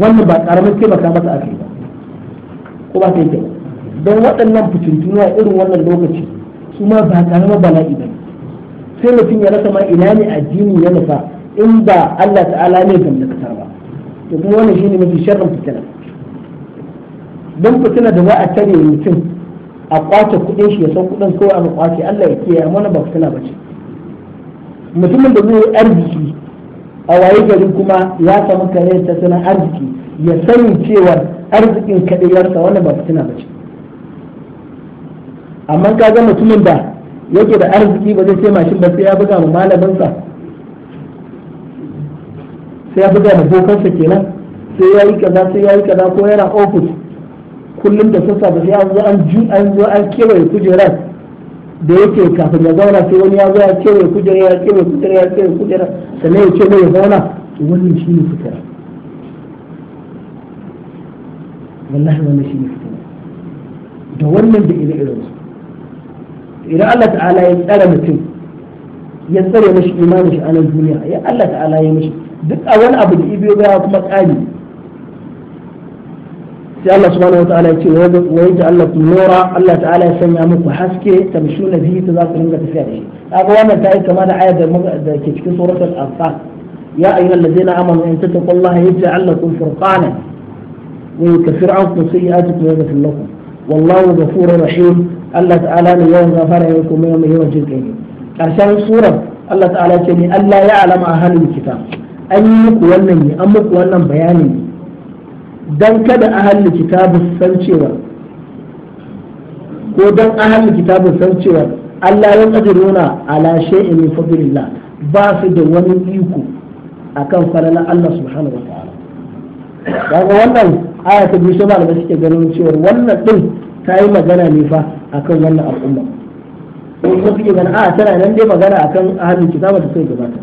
wannan ba karamin taimaka masa aka yi ba ko ba ta yi don waɗannan fitintinuwa a irin wannan lokaci su ma ba karamin bala'i ba sai mutum ya rasa ma ina ne addini ya nufa in ba Allah ta'ala ne gamnakatar ba to kuma wannan shine mafi sharrin fitina don fitina da za a tare mutum a kwace kuɗin shi ya san kudin kawai a kwace Allah ya kiyaye mana ba fitina ba ce mutumin da zai arziki a waye gari kuma ya samu kare suna arziki ya sani cewa arzikin kadiyarsa wannan ba fitina ba ce amma ka ga mutumin da yake da arziki ba zai sai mashin ba sai ya buga ma malaminsa sai ya buga ma bokansa kenan sai ya yi kaza sai ya kaza ko yana ofis kullum da sassa ba sai an zo an kewaye kujerar da yake kafin ya zauna sai wani ya zo ya ce mai kujera ya ce mai kujera ya ce mai kujera sannan ya ce mai ya zauna wannan shi ne fitar wallahi wannan shi ne fitar da wannan da ire irin su idan Allah ta'ala ya tsara mutum ya tsare mashi imanin shi a nan duniya ya Allah ta'ala ya mashi duk a wani abu da ibiyo ya kuma tsari sai Allah subhanahu wataala ce wa yaj'alakum nura Allah ta'ala ya sanya muku haske tamshuna bihi ta za ku ringa tafiya da shi kaga wannan ta yi kama da ayar da ke cikin suratul anfal ya ayyuhal ladzina amanu in tattaqullaha yaj'al lakum furqana wa yukaffir ankum sayyi'atikum wa yaghfir lakum wallahu ghafurur rahim Allah ta'ala ne yawan gafara ya kuma yawan yawan jin karshen surar Allah ta'ala ce ne Allah ya alama halin kitab an yi muku wannan ne an muku wannan bayanin. ne dan kada ahalin kitabun san cewa ko dan ahalin kitabun san cewa Allah ya nuna ala shay'in min fadlillah ba su da wani iko akan falalan Allah subhanahu wa ta'ala daga wannan aya ta biyu sai malamai suke ganin cewa wannan din ta yi magana ne fa akan wannan al'umma ko suke ganin a tana nan dai magana akan ahalin kitabun da sai gabata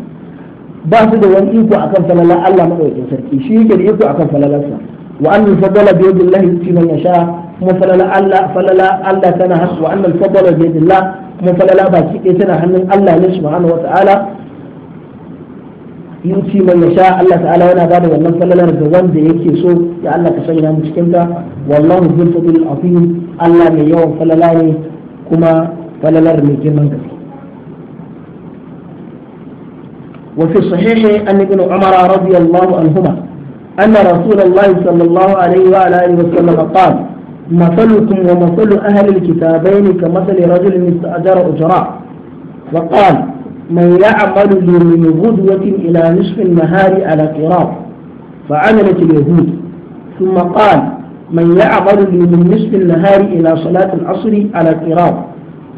ba su da wani iko akan falalan Allah madaukakin sarki shi yake da iko akan falalansa وأن الفضل بيد الله يؤتي من يشاء kuma falala Allah falala Allah tana hannu wa annal fadala bi yadillah kuma falala baki ɗaya tana hannun Allah ne subhanahu wa ta'ala yuti man yasha Allah ta'ala yana bada wannan falalar ga wanda yake so ya Allah ka sanya mu cikin ta wallahu bil fadl azim Allah mai yawan falala ne kuma falalar mai girman gaske وفي الصحيح أن ابن عمر رضي الله عنهما أن رسول الله صلى الله عليه وعلى آله وسلم قال مثلكم ومثل أهل الكتابين كمثل رجل استأجر أجراء وقال من يعمل لي من غدوة إلى نصف النهار على قراط فعملت اليهود ثم قال من يعمل لي من نصف النهار إلى صلاة العصر على قراط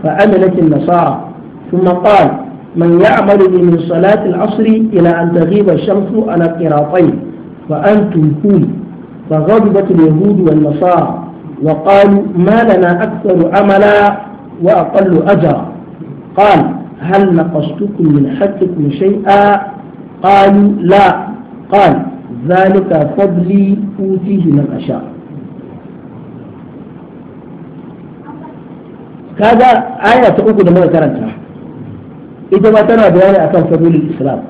فعملت النصارى ثم قال من يعمل لي من صلاة العصر إلى أن تغيب الشمس على قراطين فأنتم هم فغضبت اليهود والنصارى وقالوا ما لنا أكثر عملا وأقل أجرا قال هل نقصتكم من حقكم شيئا قالوا لا قال ذلك فضلي أوتيه من أشاء كذا آية تقول لما ذكرتها إذا ما تنا بيان أكل فضول الإسلام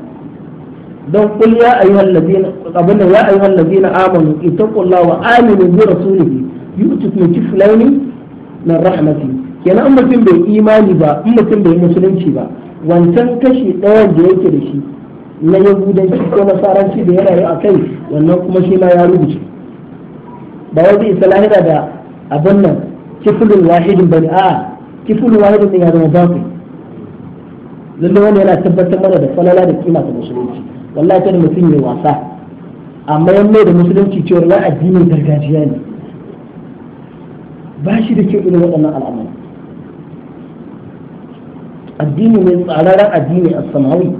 don kul ya ayyuhal ladina abinda ya ayyuhal ladina amanu ittaqullaha wa aminu bi rasulihi yu'tikum kiflaini min rahmati kenan in mutum bai imani ba in mutum bai musulunci ba wancan kashi ɗaya da yake da shi na yahudanci ko nasaranci da yana yi a kai wannan kuma shi ma ya rubuce ba wai isa lahira da abin nan kifulun wahidin bane a'a kifulun wahidin ne ya zama bakwai lallai wani yana tabbatar mana da falala da kima ta musulunci wallahi da mutum ya wasa amma yan mai da musulunci cewar wai addini gargajiya ne ba shi da kyau irin waɗannan al'amari addini ne tsararren addini a samawi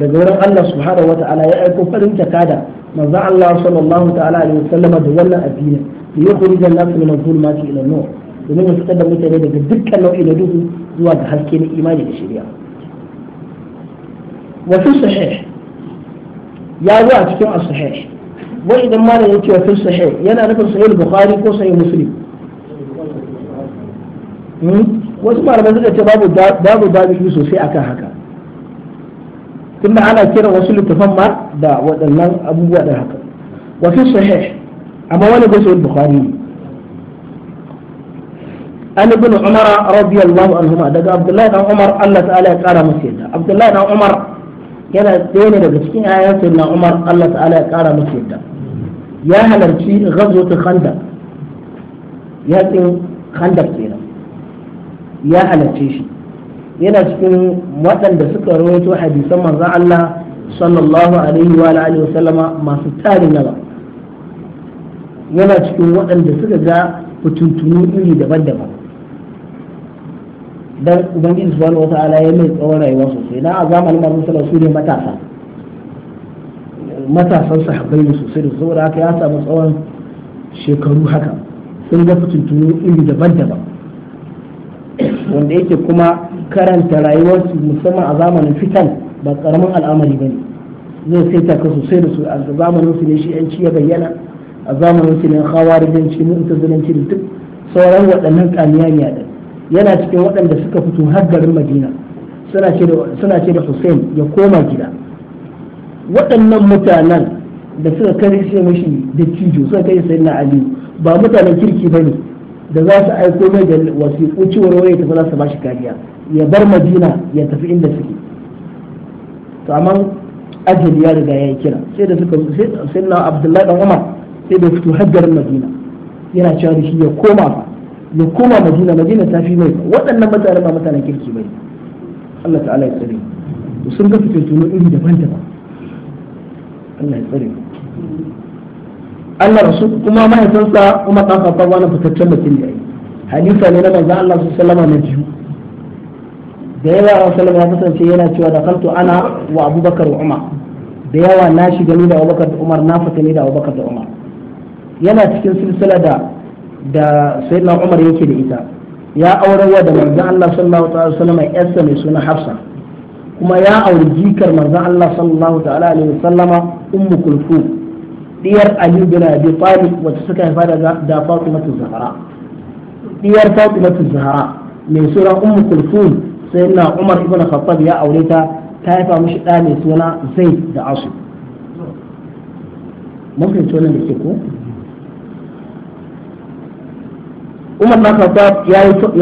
daga wurin Allah subhanahu wa ta'ala ya aiko farin takada manzo Allah sallallahu ta'ala alaihi wasallama da wannan addini da ya kuri jan nasu min al-zulmati ila nur domin ya fitar da mutane daga dukkan nau'i na duhu zuwa ga haske na imani da shari'a wa fi sahih يا واحد كم الصحيح وإذا ما لم يتوى في الصحيح يا نفس صحيح البخاري كو يا مسلم وإذا ما لم يتوى في باب باب يسوس في أكا حكا ثم أنا كيرا وصل التفمع دا ودلنا أبو بوعد حكا وفي الصحيح أما وانا قلت صحيح البخاري أنا ابن عمر رضي الله عنهما دقى عبد الله بن عمر الله تعالى قال مسيدا عبد الله بن عمر yana ɗaya ne daga cikin ayan sayyidina Umar Allah ta'ala ya kara masa yadda ya halarci ta khandaq yaƙin khandaq kenan ya halarce shi yana cikin waɗanda suka rawaito hadisan manzon Allah sallallahu alaihi wa alihi wa sallama masu tarin yawa yana cikin waɗanda suka ga fituntunu iri daban-daban dan ubangiji subhanahu ta'ala ya mai tsawon rayuwa sosai na a zamanin manzon sallallahu su ne matasa matasan sahabbai ne sosai da saboda haka ya samu tsawon shekaru haka sun ga fitintunu iri daban-daban wanda yake kuma karanta rayuwarsu musamman a zamanin fitan ba karamin al'amari ba ne zai saita ka sosai da su a zamanin su ne shi yanci ya bayyana a zamanin su ne hawarijanci mu'tazilanci da duk sauran waɗannan a ɗan yana cikin waɗanda suka fito har garin madina suna ce da hussein ya koma gida waɗannan mutanen da suka kare shi mashi da cijo suka kai sai na aliyu ba mutanen kirki ba ne da za su aiko mai da wasiƙu cewar waya tafi za su ba shi kariya ya bar madina ya tafi inda suke to amma ajali ya riga ya yi kira sai da suka sai na abdullahi dan umar sai da fito har garin madina yana cewa da shi ya koma ba. ya koma madina madina ta fi mai waɗannan mutane ba mutanen kirki bai Allah ta'ala ya tsare sun ga fitattunu iri daban-daban Allah ya tsare Allah rasu kuma mahaifinsa kuma ɗan fafar wani fitaccen mutum da yi halifa ne na manzan Allah su salama na biyu da yawa a salama ya kasance yana cewa da kaltu ana wa abubakar wa umar da yawa na shiga ni da abubakar da umar na fita ni da abubakar da umar yana cikin silsila da da sayyidina umar yake da ita ya aurarwa da manzon Allah sallallahu alaihi wasallam yarsa mai suna Hafsa kuma ya auri jikar manzon Allah sallallahu ta'ala alaihi wasallama ummu kulfu diyar Ali bin Abi Talib wacce suka haifa da da Fatimatu Zahra diyar Fatimatu Zahra mai suna ummu kulfu sayyidina Umar ibn Khattab ya aure ta ta haifa mishi da mai suna Zaid da Asu mun fahimci wannan da ke ko umar na fata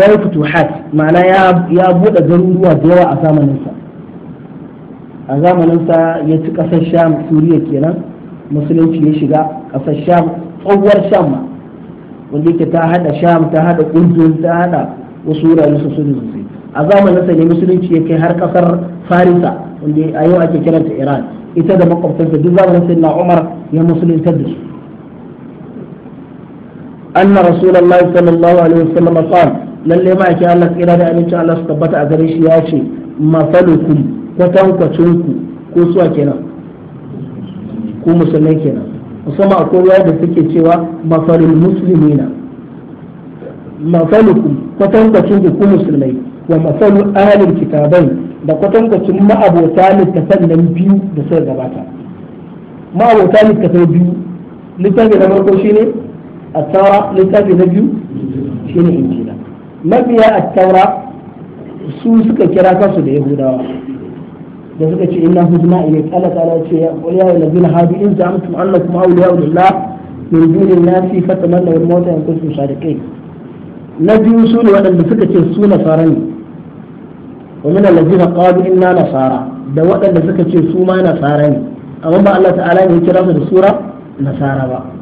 ya yi fituhat ma'ana ya buɗe garuruwa da yawa a zamaninsa a zamaninsa ya ci ƙasar sham suriya kenan musulunci ya shiga ƙasar sham tsohuwar sham ma wanda yake ta hada sham ta hada urdun ta hada wasu wurare su su sosai a zamaninsa ne musulunci ya kai har ƙasar farisa wanda a yau ake kiranta iran ita da makwabtansa duk zamanin na umar ya musuluntar da su أن رسول الله صلى الله عليه وسلم قال لن لما يكي الله إلى شاء الله سكبت أغريش ياشي مثلكم تنك كسوة كنا ku musulmai kenan musamman a kowa da suke cewa المسلمين muslimina mafalukum kwatankwacin ku ku musulmai wa mafalu ahalin kitabai da kwatankwacin ma'abota littafan nan biyu da suka gabata ma'abota littafai biyu littafi na farko shine التوراة لتابي نبيو شين إنجيلا مبيا التوراة su suka kira kansu da yahudawa da suka ce inna hudna ilayk Allah ta'ala ce ya qul ya ayyuhallazina hadu in za'amtum annakum awliya lillah min duni an-nasi fatamannaw al-maut in kuntum sadiqin na biyu su ne suka ce su nasara ne nasara da waɗanda suka ce su ma nasara ne amma ba Allah ta'ala ne ya kira su da sura nasara ba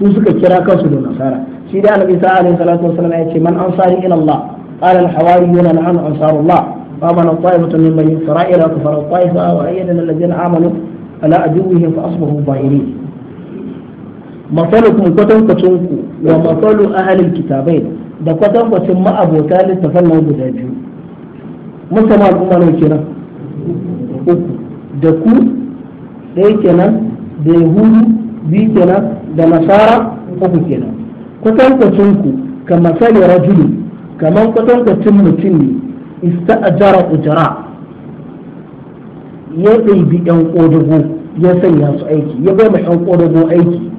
su suka kira kansu da nasara shi da annabi isa alaihi salatu wasallam ya ce man ansari ila allah qala al hawariyun an ansarullah fa man ta'ifatu min bani isra'ila kafara ta'ifa wa ayyadna alladhina amanu ala aduwwihim fa asbahu zahirin mafalukum kwatankwacinku wa mafalu ahalil kitabai da ma ma'abota littafan nan guda biyu musamman al'umma ne kenan uku da ku ɗaya kenan da yahudu biyu kenan da nasara uku kenan kwatankwacin ku ka masali rajuli kamar kwatankwacin mutum ne ista'ajara ujara ya ɗaibi yan ƙodago ya sanya su aiki ya bai yan ƙodago aiki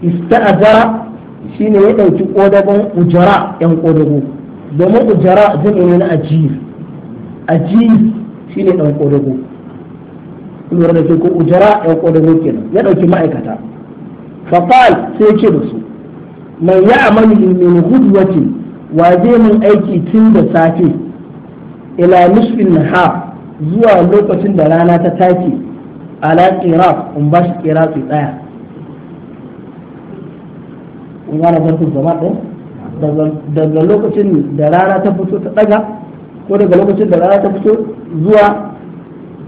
shi shine ya ɗauki ƙodagon ujara yan ƙodago domin ujara zai ne na ajiyar ajiyar shine ɗan ƙodago lura da ke ko ujara yan ƙodago kenan ya ɗauki ma'aikata فقال sai ce da su man ya'malu min ghudwati wa zai mun aiki tun da safe ila nisfin nahar zuwa lokacin da rana ta take ala qiraf in ba shi zama daga lokacin da rana ta fito ta daga ko daga lokacin da rana ta fito zuwa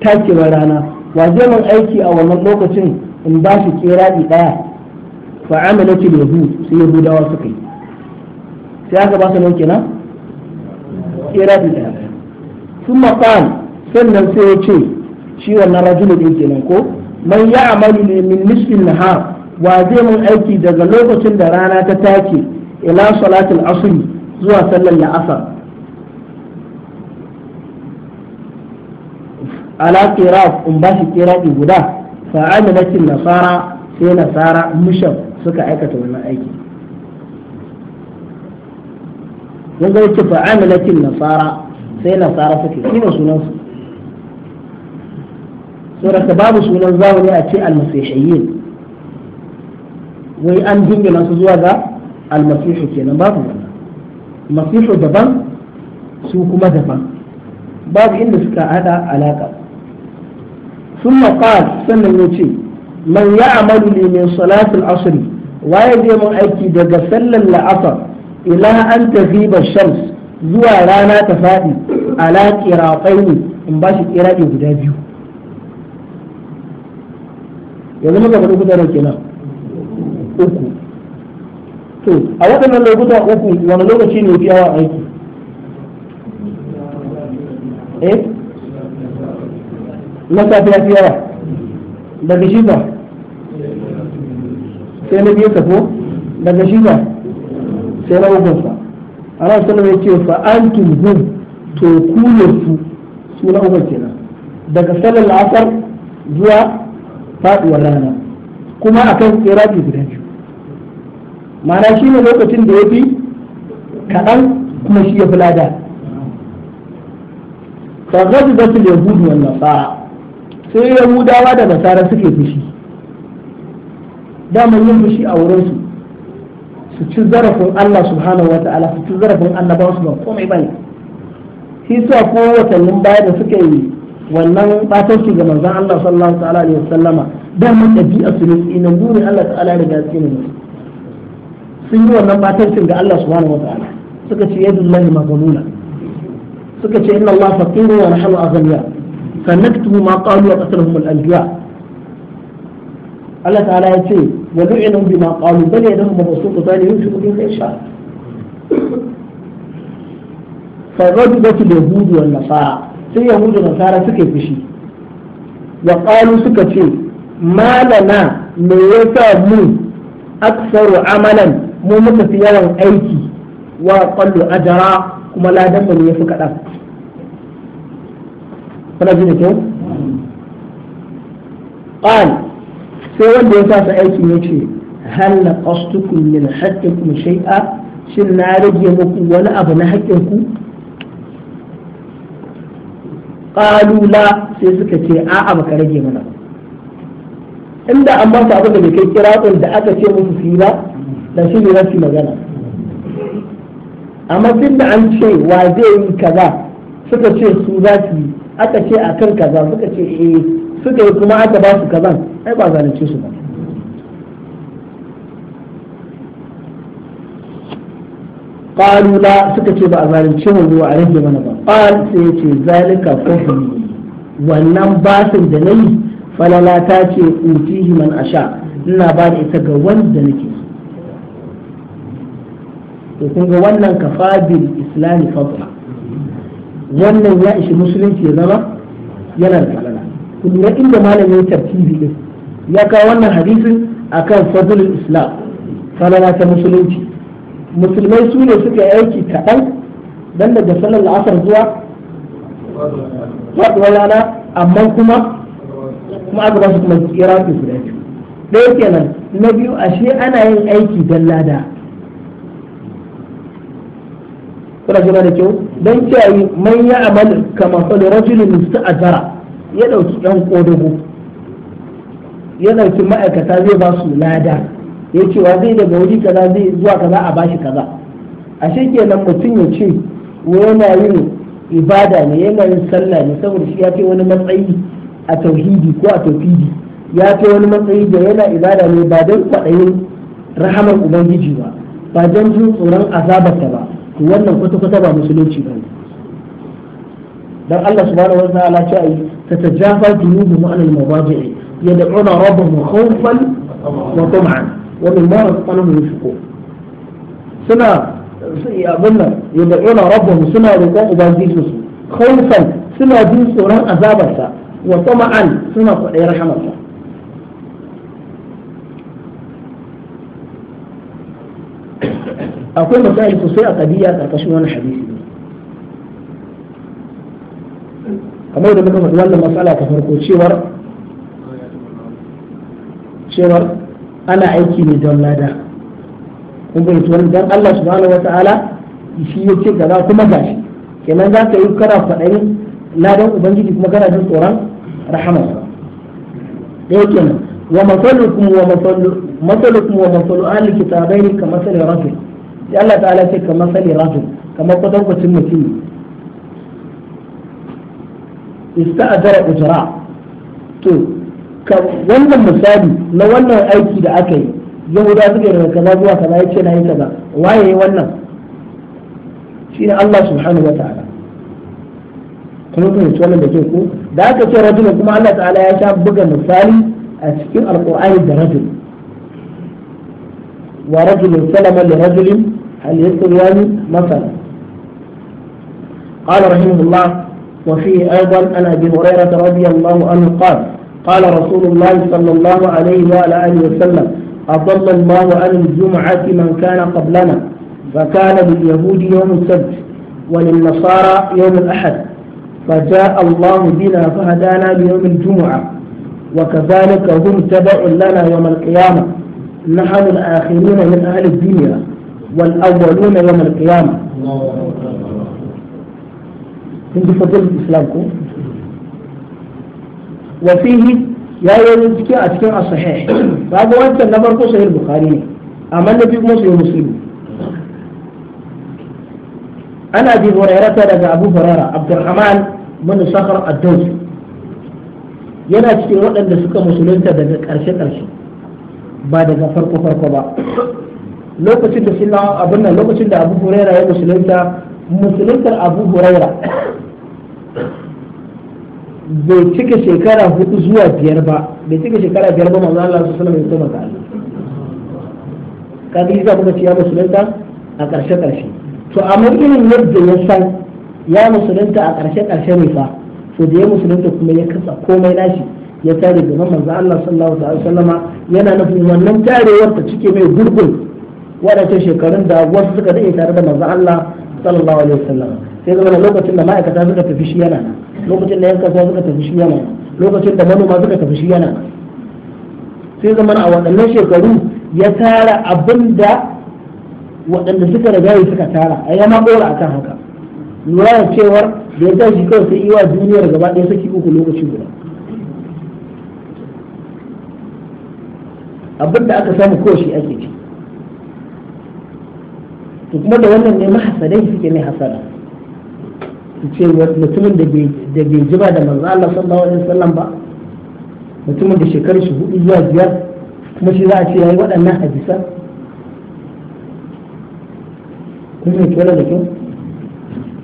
takewar rana wa zai aiki a wannan lokacin in ba shi kera ɗaya fa amilatul yahud sai yahudawa suka yi sai aka ba su nan kenan kira da sun maqal sannan sai ya ce shi wannan rajulu din kenan ko man ya'malu min nisfin nahar wa zai mun aiki daga lokacin da rana ta take ila salatul asr zuwa sallar la'asar ala qira'at in ba shi qira'i guda fa amilatul nasara sai nasara mushaf suka aikata wannan aiki wanda yake fa'amilatin nasara sai nasara suke shi ne sunan su ta babu sunan zamani a ce almasihiyyin wai an jingina su zuwa ga almasihu kenan babu wannan masihu daban su kuma daban babu inda suka hada alaka sun maƙa sannan ya ce man ya amalu li min salatul asiri waye zai mun aiki daga sallar la'asar ila an tafiba shams zuwa rana ta faɗi ala qiraqaini in ba shi guda biyu yanzu muka faɗi kenan uku to a waɗannan lokuta uku wani lokaci ne fi yawa aiki eh na safiya fi yawa daga shi ba sai na biyu daga shi ba sai na ukun sa Allah sallama ya ce fa antum hum to ku ne su su na uku kenan daga salon la'asar zuwa faduwar rana kuma a akan tsirafi guda biyu ma'ana shi ne lokacin da ya fi kaɗan kuma shi ya fi lada fa gazi da su yahudu wannan ba sai yahudawa da nasara suke fushi daman yin fushi a wurinsu su ci zarafin Allah subhanahu wa ta'ala su ci zarafin annabawansu ba komai bane shi sa ko watannin baya da suka yi wannan batarki ga manzon Allah sallallahu ta'ala alaihi wasallama daman dabi'a su ne ina burin Allah ta'ala ya riga tsine musu sun yi wannan batarkin ga Allah subhanahu wa ta'ala suka ce yadullahi maghlula suka ce inna Allah faqirun wa nahnu aghniya sanaktubu ma qalu wa qataluhum al-anbiya' Allah ta'ala ya ce wa lu'inu bima qalu bal yadahu mabsuutatan yunfiqu kayfa yasha fa ghadabat bi yahudi wal nasara sai yahudi da nasara suke fushi wa qalu suka ce malana me yasa mu aksaru amalan mu muka fi yawan aiki wa qallu ajra kuma ladan mu yafi kadan kana ji da kyau qal sai wanda ya sa su aikin ya ce hal na qastukum min haqqikum shay'a shin na rage muku wani abu na haƙƙinku ƙalula sai suka ce a'a baka rage mana inda an ba abu da kai kiraɗin da aka ce musu su ba da shi ne rasu magana amma tun da an ce wa zai yi kaza suka ce su za su yi aka ce akan kaza suka ce eh suka yi kuma aka ba su kazan ai ba zalunce su ba qalu la suka ce ba a zalunce mu ba a rage mana ba qal sai ya ce zalika kufri wannan basin da na yi falala ta ce utihi man asha ina ba da ita ga wanda nake to kun ga wannan ka fadin islami fadla wannan ya ishi musulunci ya zama yana da kuma inda malamin tartibi ne ya kawo wannan hadisin akan fadlul islam falala ta musulunci musulmai su ne suka yi aiki kaɗan dan daga sallar la'asar zuwa faɗuwar rana amma kuma kuma aka ba su kuma tsira su guda biyu ɗaya kenan na biyu ashe ana yin aiki dan lada kuna shi da kyau don kiyaye man ya amal kama rajulun musta ya ɗauki 'yan ƙodago ya ɗauki ma'aikata zai ba su lada ya ce zai daga wuri kaza zai zuwa kaza a bashi kaza a kenan mutum ya ce yana yin ibada ne yana yin sallah ne saboda shi ya kai wani matsayi a tauhidi ko a tauhidi ya kai wani matsayi da yana ibada ne ba don kwaɗayin rahamar ubangiji ba ba don jin tsoron azabarta ba to wannan kwata-kwata ba musulunci ba ne لو الله سبحانه وتعالى شاءي تتجافى جنوبهم عن المضاجع يدعون ربهم خوفا وطمعا ومن مرض قلبهم يشكون سنة أظن يدعون ربهم سنة رقوق مسلم خوفا دين جنس ورهن أذابسا وطمعا سنة رحمة الله أقول مسائل سوسية قدية تتشمون حديثي kamar da muka faɗi wannan matsala ta farko cewar cewar ana aiki ne don lada kun fahimci wani dan Allah subhanahu wa ta'ala shi ya ce gaba kuma gashi kenan za ka yi kana faɗin ladan ubangiji kuma kana jin tsoron rahamarsa ɗaya nan wa masalukum wa masalu masalukum wa masalu ahli kitabaini ka masali rajul sai Allah ta'ala ce ka masali rajul kamar kwatankwacin mutum ista'adara ujra to ka wannan misali na wannan aiki da aka yi ya yahuda suka daga kaza zuwa kaza yace na yi kaza waye wannan shine Allah subhanahu wa wataala kuma kun yi wannan da ke ko da aka ce rajulun kuma Allah ta'ala ya sha buga misali a cikin alqur'ani da rajul wa rajulun salama li rajulin hal yastawi masalan قال رحمه الله وفيه أيضا عن أبي هريرة رضي الله عنه قال قال رسول الله صلى الله عليه وعلى آله وسلم أضل الله عن الجمعة من كان قبلنا فكان لليهود يوم السبت وللنصارى يوم الأحد فجاء الله بنا فهدانا بيوم الجمعة وكذلك هم تبع لنا يوم القيامة نحن الآخرون من أهل الدنيا والأولون يوم القيامة kun ji islam ko wa fihi ya yi cikin a cikin asahe ba ga wancan na farko sahih bukhari ne amma na biyu kuma sahih muslim ana bi hurairata daga abu hurairah abdurrahman bin sakhar ad-dawsi yana cikin waɗanda suka musulunta daga ƙarshe-ƙarshe ba daga farko-farko ba lokacin da sila abin nan lokacin da abu huraira ya musulunta musuluntar abu huraira bai cika shekara hudu zuwa biyar ba bai cika shekara biyar ba mazan Allah sallallahu alaihi wasallam ya kaga za muka ce ya musulunta a karshe karshe to amma irin yadda ya san ya musulunta a karshe karshe ne fa to da ya musulunta kuma ya kasa komai nashi ya tare da manzo Allah sallallahu alaihi wasallama yana nufin wannan tarewar ta cike mai gurgun wadatar shekarun da wasu suka daɗe tare da manzo Allah sallallahu alaihi wasallam sai zama lokacin da ma'aikata suka tafi shi yana lokacin da yanka kasuwa suka tafi shi yana lokacin da manoma suka tafi shi yana sai zama a waɗannan shekaru ya tara abin da waɗanda suka riga yi suka tara a yama ɗora a kan haka lura da cewar da ya tashi kawai sai iwa duniyar gaba ɗaya saki uku lokaci guda abin da aka samu kawai shi ake ci to kuma da wannan ne mahasadai suke mai hasada su ce mutumin da bai ji ba da manzo Allah sallallahu alaihi wasallam ba mutumin da shekarar shi hudu zuwa biyar kuma shi za a ce yayi waɗannan hadisa kun ne kira da kyau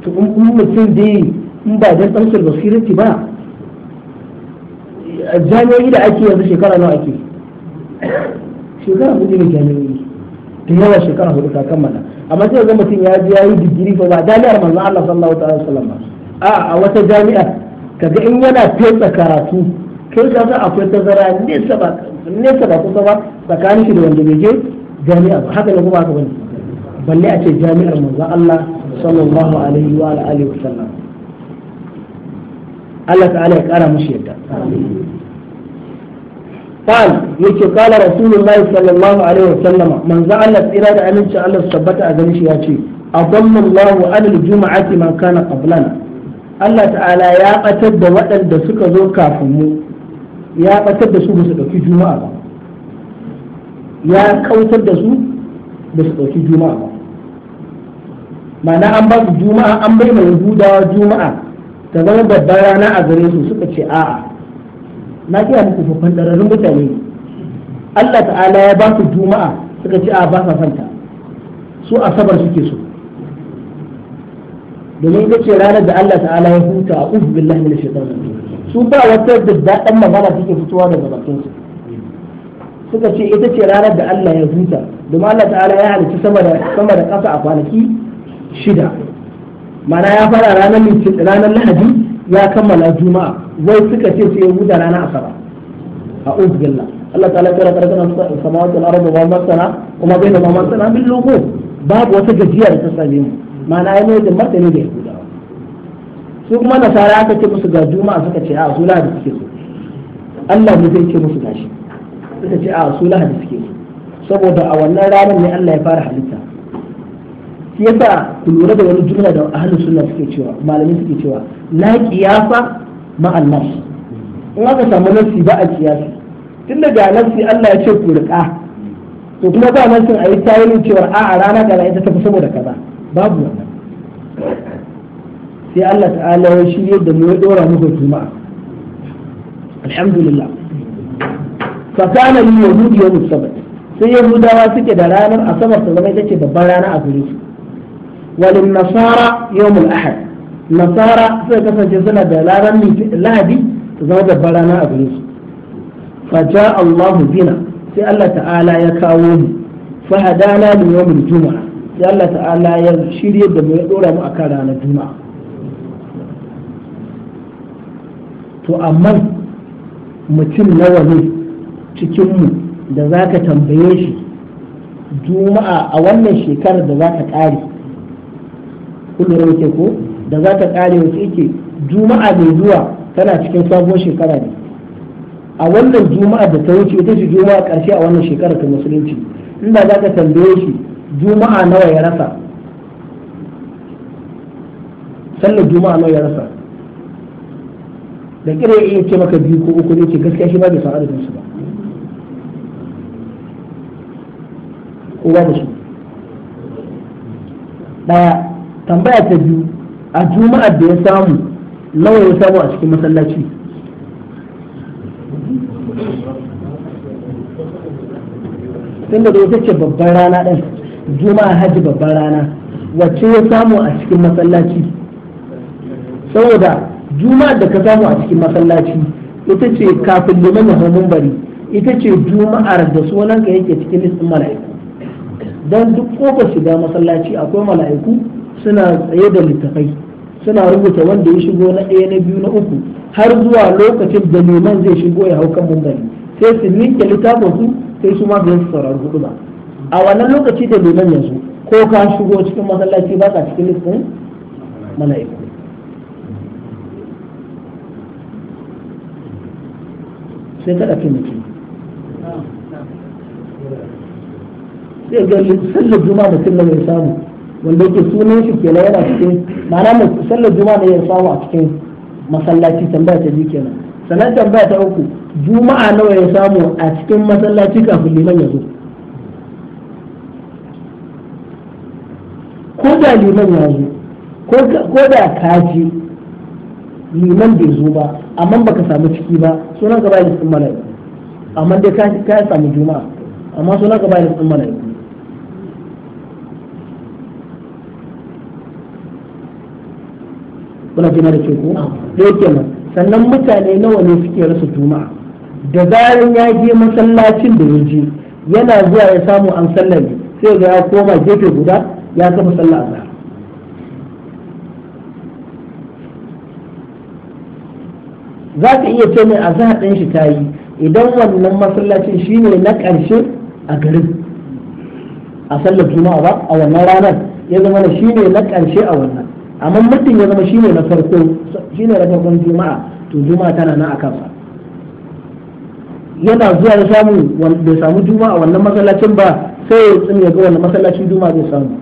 to in kuma mutum dai in ba dan tsaukar basirati ba jami'o'i da ake yanzu shekara nawa ake shekara hudu ne jami'o'i da yawa shekara hudu ka kammala amma sai ga mutum ya je yi digiri fa ba jami'ar manzo Allah sallallahu alaihi wasallam a a wata jami'a kaga in yana fesa karatu kai ka san akwai tazara nesa ba nesa ba kusa ba tsakanin shi da wanda bai je jami'a ba haka ne kuma haka bane balle a ce jami'ar manzo Allah sallallahu alaihi wa alihi wasallam Allah ta'ala ya kara mushi yadda amin قال يجي قال رسول الله صلى الله عليه وسلم من زعل إرادة أن إن شاء الله سبت أذنش ياتي أضم الله على الجمعة ما كان قبلنا الله تعالى يا أتد دا دسك ذو كافم يا أتد دا سو في جمعة يا كوتد دا سو في جمعة ma'ana an ba su juma'a an bai mai yahudawa juma'a ta zama babbar rana a gare su suka ce a'a na gaya muku babban dararrun mutane ne Allah ta'ala ya ba su juma'a suka ce a ba sa santa su asabar suke so domin ita ce ranar da Allah ta'ala ya huta a uzu billahi na shekaru su ba wata daddaɗan magana suke fitowa daga bakin su suka ce ita ce ranar da Allah ya huta domin Allah ta'ala ya halici sama da ƙasa a kwanaki shida mana ya fara ranar lahadi ya kammala juma'a wai suka ce sai ya huta rana asaba a uzbillah Allah ta'ala ya kira karkana samawati al-ardu wa ma sana wa ma bainahuma ma sana bil lughub babu wata gajiya da ta same mu ma'ana ya mai da martani da ya yahudawa su kuma nasara aka ce musu ga juma'a suka ce a su lahadi suke so Allah ne zai ce musu gashi suka ce a su lahadi suke so saboda a wannan ranar ne Allah ya fara halitta shi yasa ku lura da wani jumla da ahlus sunna suke cewa malamin suke cewa la qiyasa ma al in aka samu nafsi ba a qiyasi tunda ga nafsi Allah ya ce ku riƙa to kuma ba nafsin a yi tawilin cewa a a rana gara ita fi saboda kaza babu wannan sai Allah ta'ala ya shirye da mu ya dora muku juma'a alhamdulillah fa kana yi wa yawm musamman sai sai yahudawa suke da ranar asabar ta zama ita ce babban rana a gare su walin nasara yawmul ahad nasara sai kasance suna da ranar lahadi ta zama babbar rana a gare su Allahu bina sai Allah ta'ala ya kawo mu fa hadana li yawmil juma'a sai Allah ta'ala ya shirya da mu ya dora mu akan ranar juma'a to amma mutum nawa ne cikin mu da zaka tambaye shi juma'a a wannan shekarar da za ta kare kullum yake ko da za ta kare wace yake juma'a mai zuwa tana cikin sabon shekara ne a wannan juma'a da ta wuce ita ce juma'a karshe a wannan shekarar ta musulunci inda za ka tambaye shi juma'a nawa ya rasa sallar juma'a nawa ya rasa da kira ya ce maka biyu ko uku ne ce gaskiya shi ba bai san adadin su ba kowa da su daya tambaya ta biyu a juma'ar da ya samu nawa ya samu a cikin masallaci tun da ita ce babban rana ɗin juma'a hajji babban rana wacce ya samu a cikin masallaci saboda juma'ar da ka samu a cikin masallaci ita ce kafin liman ya hau bari ita ce juma'ar da sunanka yake cikin listin mala'iku don duk kofar shiga masallaci akwai mala'iku suna tsaye da littafai suna rubuta wanda ya shigo na ɗaya na biyu na uku har zuwa lokacin da neman zai shigo ya hau kan mumbari sai su miƙe littafin su sai su ma su su saurari hudu ba a wannan lokaci da ya yanzu ko ka shigo cikin masallaci ba ka cikin listin mala'iku sai ka ɗauki mutum sai ga sallar juma'a mutum na mai samu wanda yake sunan shi ke yana cikin ma'ana mai sallar juma'a ne ya samu a cikin masallaci tambaya ta biyu kenan sannan tambaya ta uku juma'a nawa ya samu a cikin masallaci kafin liman ya zo ko da liman ya zo ko da kaji liman bai zo ba amma baka samu ciki ba sunan gaba da sun mala'iku amma dai ka samu juma'a amma sunan gaba da sun mala'iku kuna jina da ke ko da nan sannan mutane nawa ne suke rasa juma'a da zarin ya je masallacin da ya yana zuwa ya samu an sallame sai ga ya koma gefe guda ya kafa sallar azhar za ka iya ce mai azhar ɗin shi ta yi idan wannan masallacin shine na ƙarshe a garin a sallar juma'a ba a wannan ranar ya zama shi ne na ƙarshe a wannan amma mutum ya zama shine na farko shine na farkon juma'a to juma'a tana nan a kansa yana zuwa ya samu bai samu juma'a wannan masallacin ba sai ya tsin ga wannan masallacin juma'a zai samu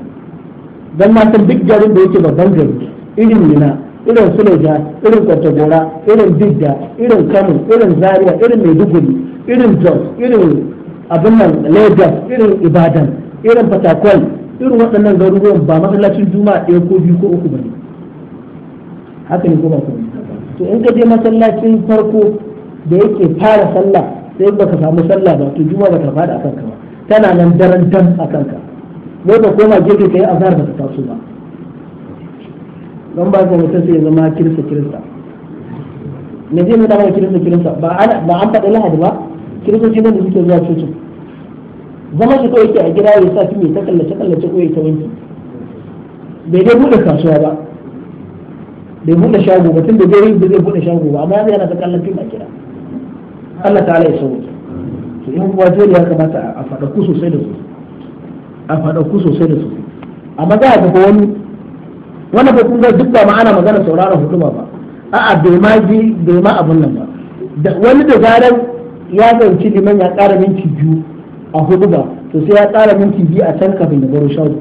dan ma duk garin da yake babban gari irin mina irin suleja irin kwantagora irin bidda irin kano irin zaria irin maiduguri irin jos irin abin nan lagos irin ibadan irin fatakwal irin waɗannan garuruwan ba masallacin juma'a ɗaya ko biyu ko uku ba ne haka ne ko ba ku to in ka je masallacin farko da yake fara sallah sai baka samu sallah ba to juma'a ta fada akan ka ba tana nan daren dan akan ka wai ba koma gefe kai azhar ka taso ba don ba ka mutum sai ya zama kirista kirista ne zai nuna mana kirista kirista ba an faɗi lahadi ba kiristoci ne da suke zuwa cocin zama shi kawai yake a gida ya sa fiye ta kallace kallace ko ya ta wanki bai dai buɗe kasuwa ba bai buɗe shago ba tun da zai zai buɗe shago ba amma yanzu yana ta kallon fim a gida Allah ta halaye sau to in kuwa dole ya kamata a faɗa ku sosai da su a faɗa ku sosai da su amma za a ga wani wannan ba kun ga duk ba ma ana magana sauraron hukuma ba a'a bai ma ji bai ma abun nan ba wani da zarar ya zanci liman ya ƙara minti biyu a hudu ba to sai ya tsara minti biyu a can kafin ya baro shago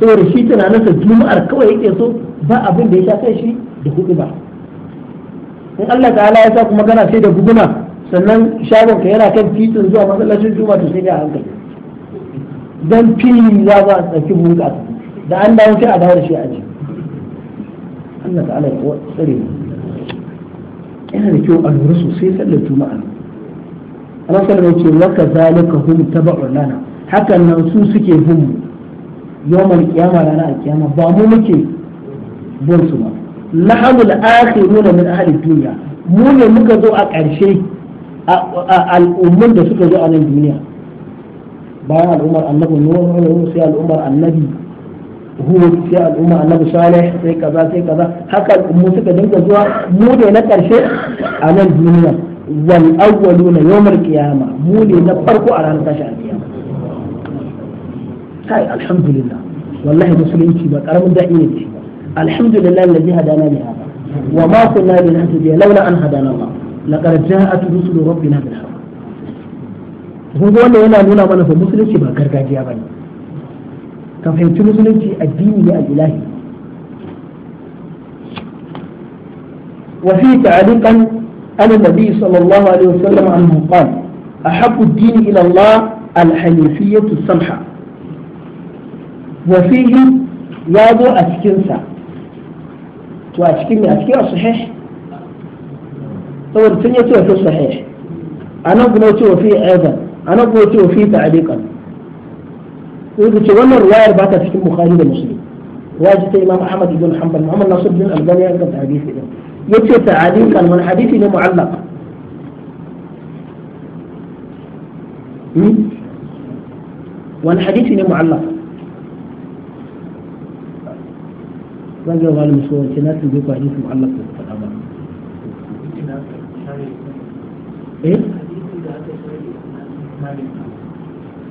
saboda shi tunaninsa juma'ar kawai yake so ba abin da ya kai shi da hudu ba in Allah ta'ala ya sa kuma gana sai da guduma sannan shagon ka yana kan titin zuwa masallacin juma'a to sai hankali dan fili za ba a tsaki buka da an dawo sai a dawo da shi a ji Allah ta'ala ya tsare yana da kyau a lura sosai sallar juma'a rasul ne ce waka zalika hum taba'un lana hakan nan su suke hum yawmal qiyama rana alqiyama ba mu muke bin su ba nahnu al-akhiruna min ahli dunya mu ne muka zo a ƙarshe al'ummun da suka zo a nan duniya bayan al'ummar annabi nuhu sai al'ummar annabi hud sai al'ummar annabi salih sai kaza sai kaza haka mu suka dinga zuwa mu ne na ƙarshe a nan duniya wal awwaluna yawmal qiyama mu ne na farko a ranar tashi alkiyama kai alhamdulillah wallahi musulunci ba karamin daɗi ne ce alhamdulillah alladhi hadana li hada wa ma kunna linahtadiya laula an hadana Allah laqad ja'at rusulu rabbina bil haqq kun ga wannan yana nuna mana fa musulunci ba gargajiya bane ka fahimci musulunci addini ne al-ilahi wa fi ta'aliqan عن النبي صلى الله عليه وسلم عنه قال أحب الدين إلى الله الحنيفية السمحة وفيه يابو أسكنسا وأسكن أسكن صحيح طور تنية وفي صحيح أنا قلت فيه أيضا أنا قلت فيه تعليقا يقول وانا الرواية بعد في البخاري ومسلم واجت الإمام أحمد بن حنبل محمد ناصر بن الألباني أيضا تعليق يتي تعاليم كان من حديثنا معلق والحديث حديثنا معلق رجل غالب سوى كنات يجيب حديث معلق ايه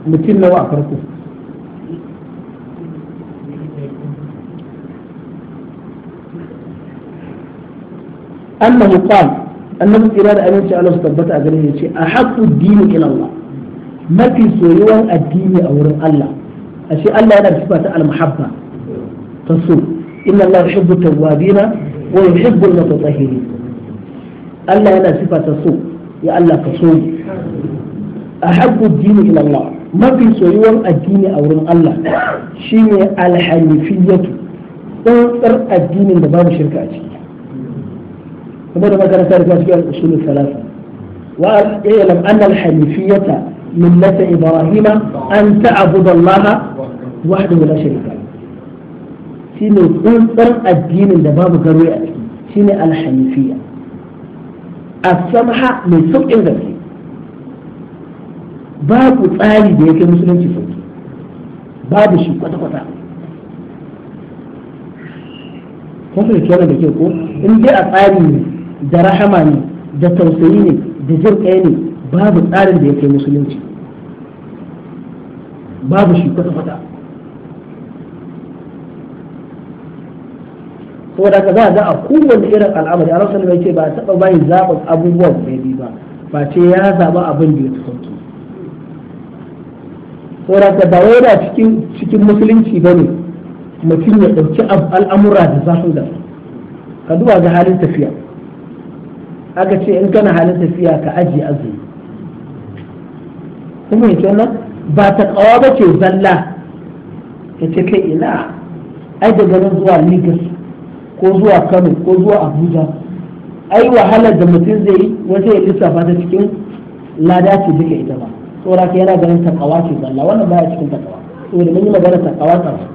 مثل نواف ركوب annahu qala annabi tsira da aminci Allah su tabbata a gare ya ce a haƙƙu dini ila mafi soyuwan addini a wurin Allah a Allah yana da sifa ta almuhabba ta so inna Allah wa yuhibbu al-mutatahhirin Allah yana sifa ta ya Allah ka a haƙƙu dini ila mafi soyuwan addini a wurin Allah shine al-hanifiyatu addinin da babu shirka a ciki kuma da makaranta ta cikin usulul salasa wa ya'lam anna al-hanifiyyata millata ibrahima an ta'budu allaha wahdahu la sharika shine tsantsar addinin da babu garwe a ciki shine al-hanifiyya as-samha mai sauƙin gaske babu tsari da yake musulunci sauƙi babu shi kwata-kwata kun fahimci wannan da ke ko in dai a tsari ne da rahama ne da tausayi ne da jin ne babu tsarin da ya kai musulunci babu shi kwata-kwata saboda ka za a ga a kowane irin al'amari a rasu mai ce ba taɓa bayin zaɓin abubuwan da ba ba ce ya zaɓa abin da ya fi sauki saboda ka ba wai da cikin musulunci ba ne mutum ya ɗauki al'amura da zafin da ka duba ga halin tafiya aka ce in kana halin tafiya ka ajiye azumi kuma yake wannan ba ta kawo ba ce zalla ya ce kai ina ai da ganin zuwa lagos ko zuwa kano ko zuwa abuja ai wahalar da mutum zai yi wata ya lissafa ta cikin lada ce duka ita ba saboda ka yana ganin takawa ce zalla wannan baya cikin takawa saboda mun yi magana takawa tsaro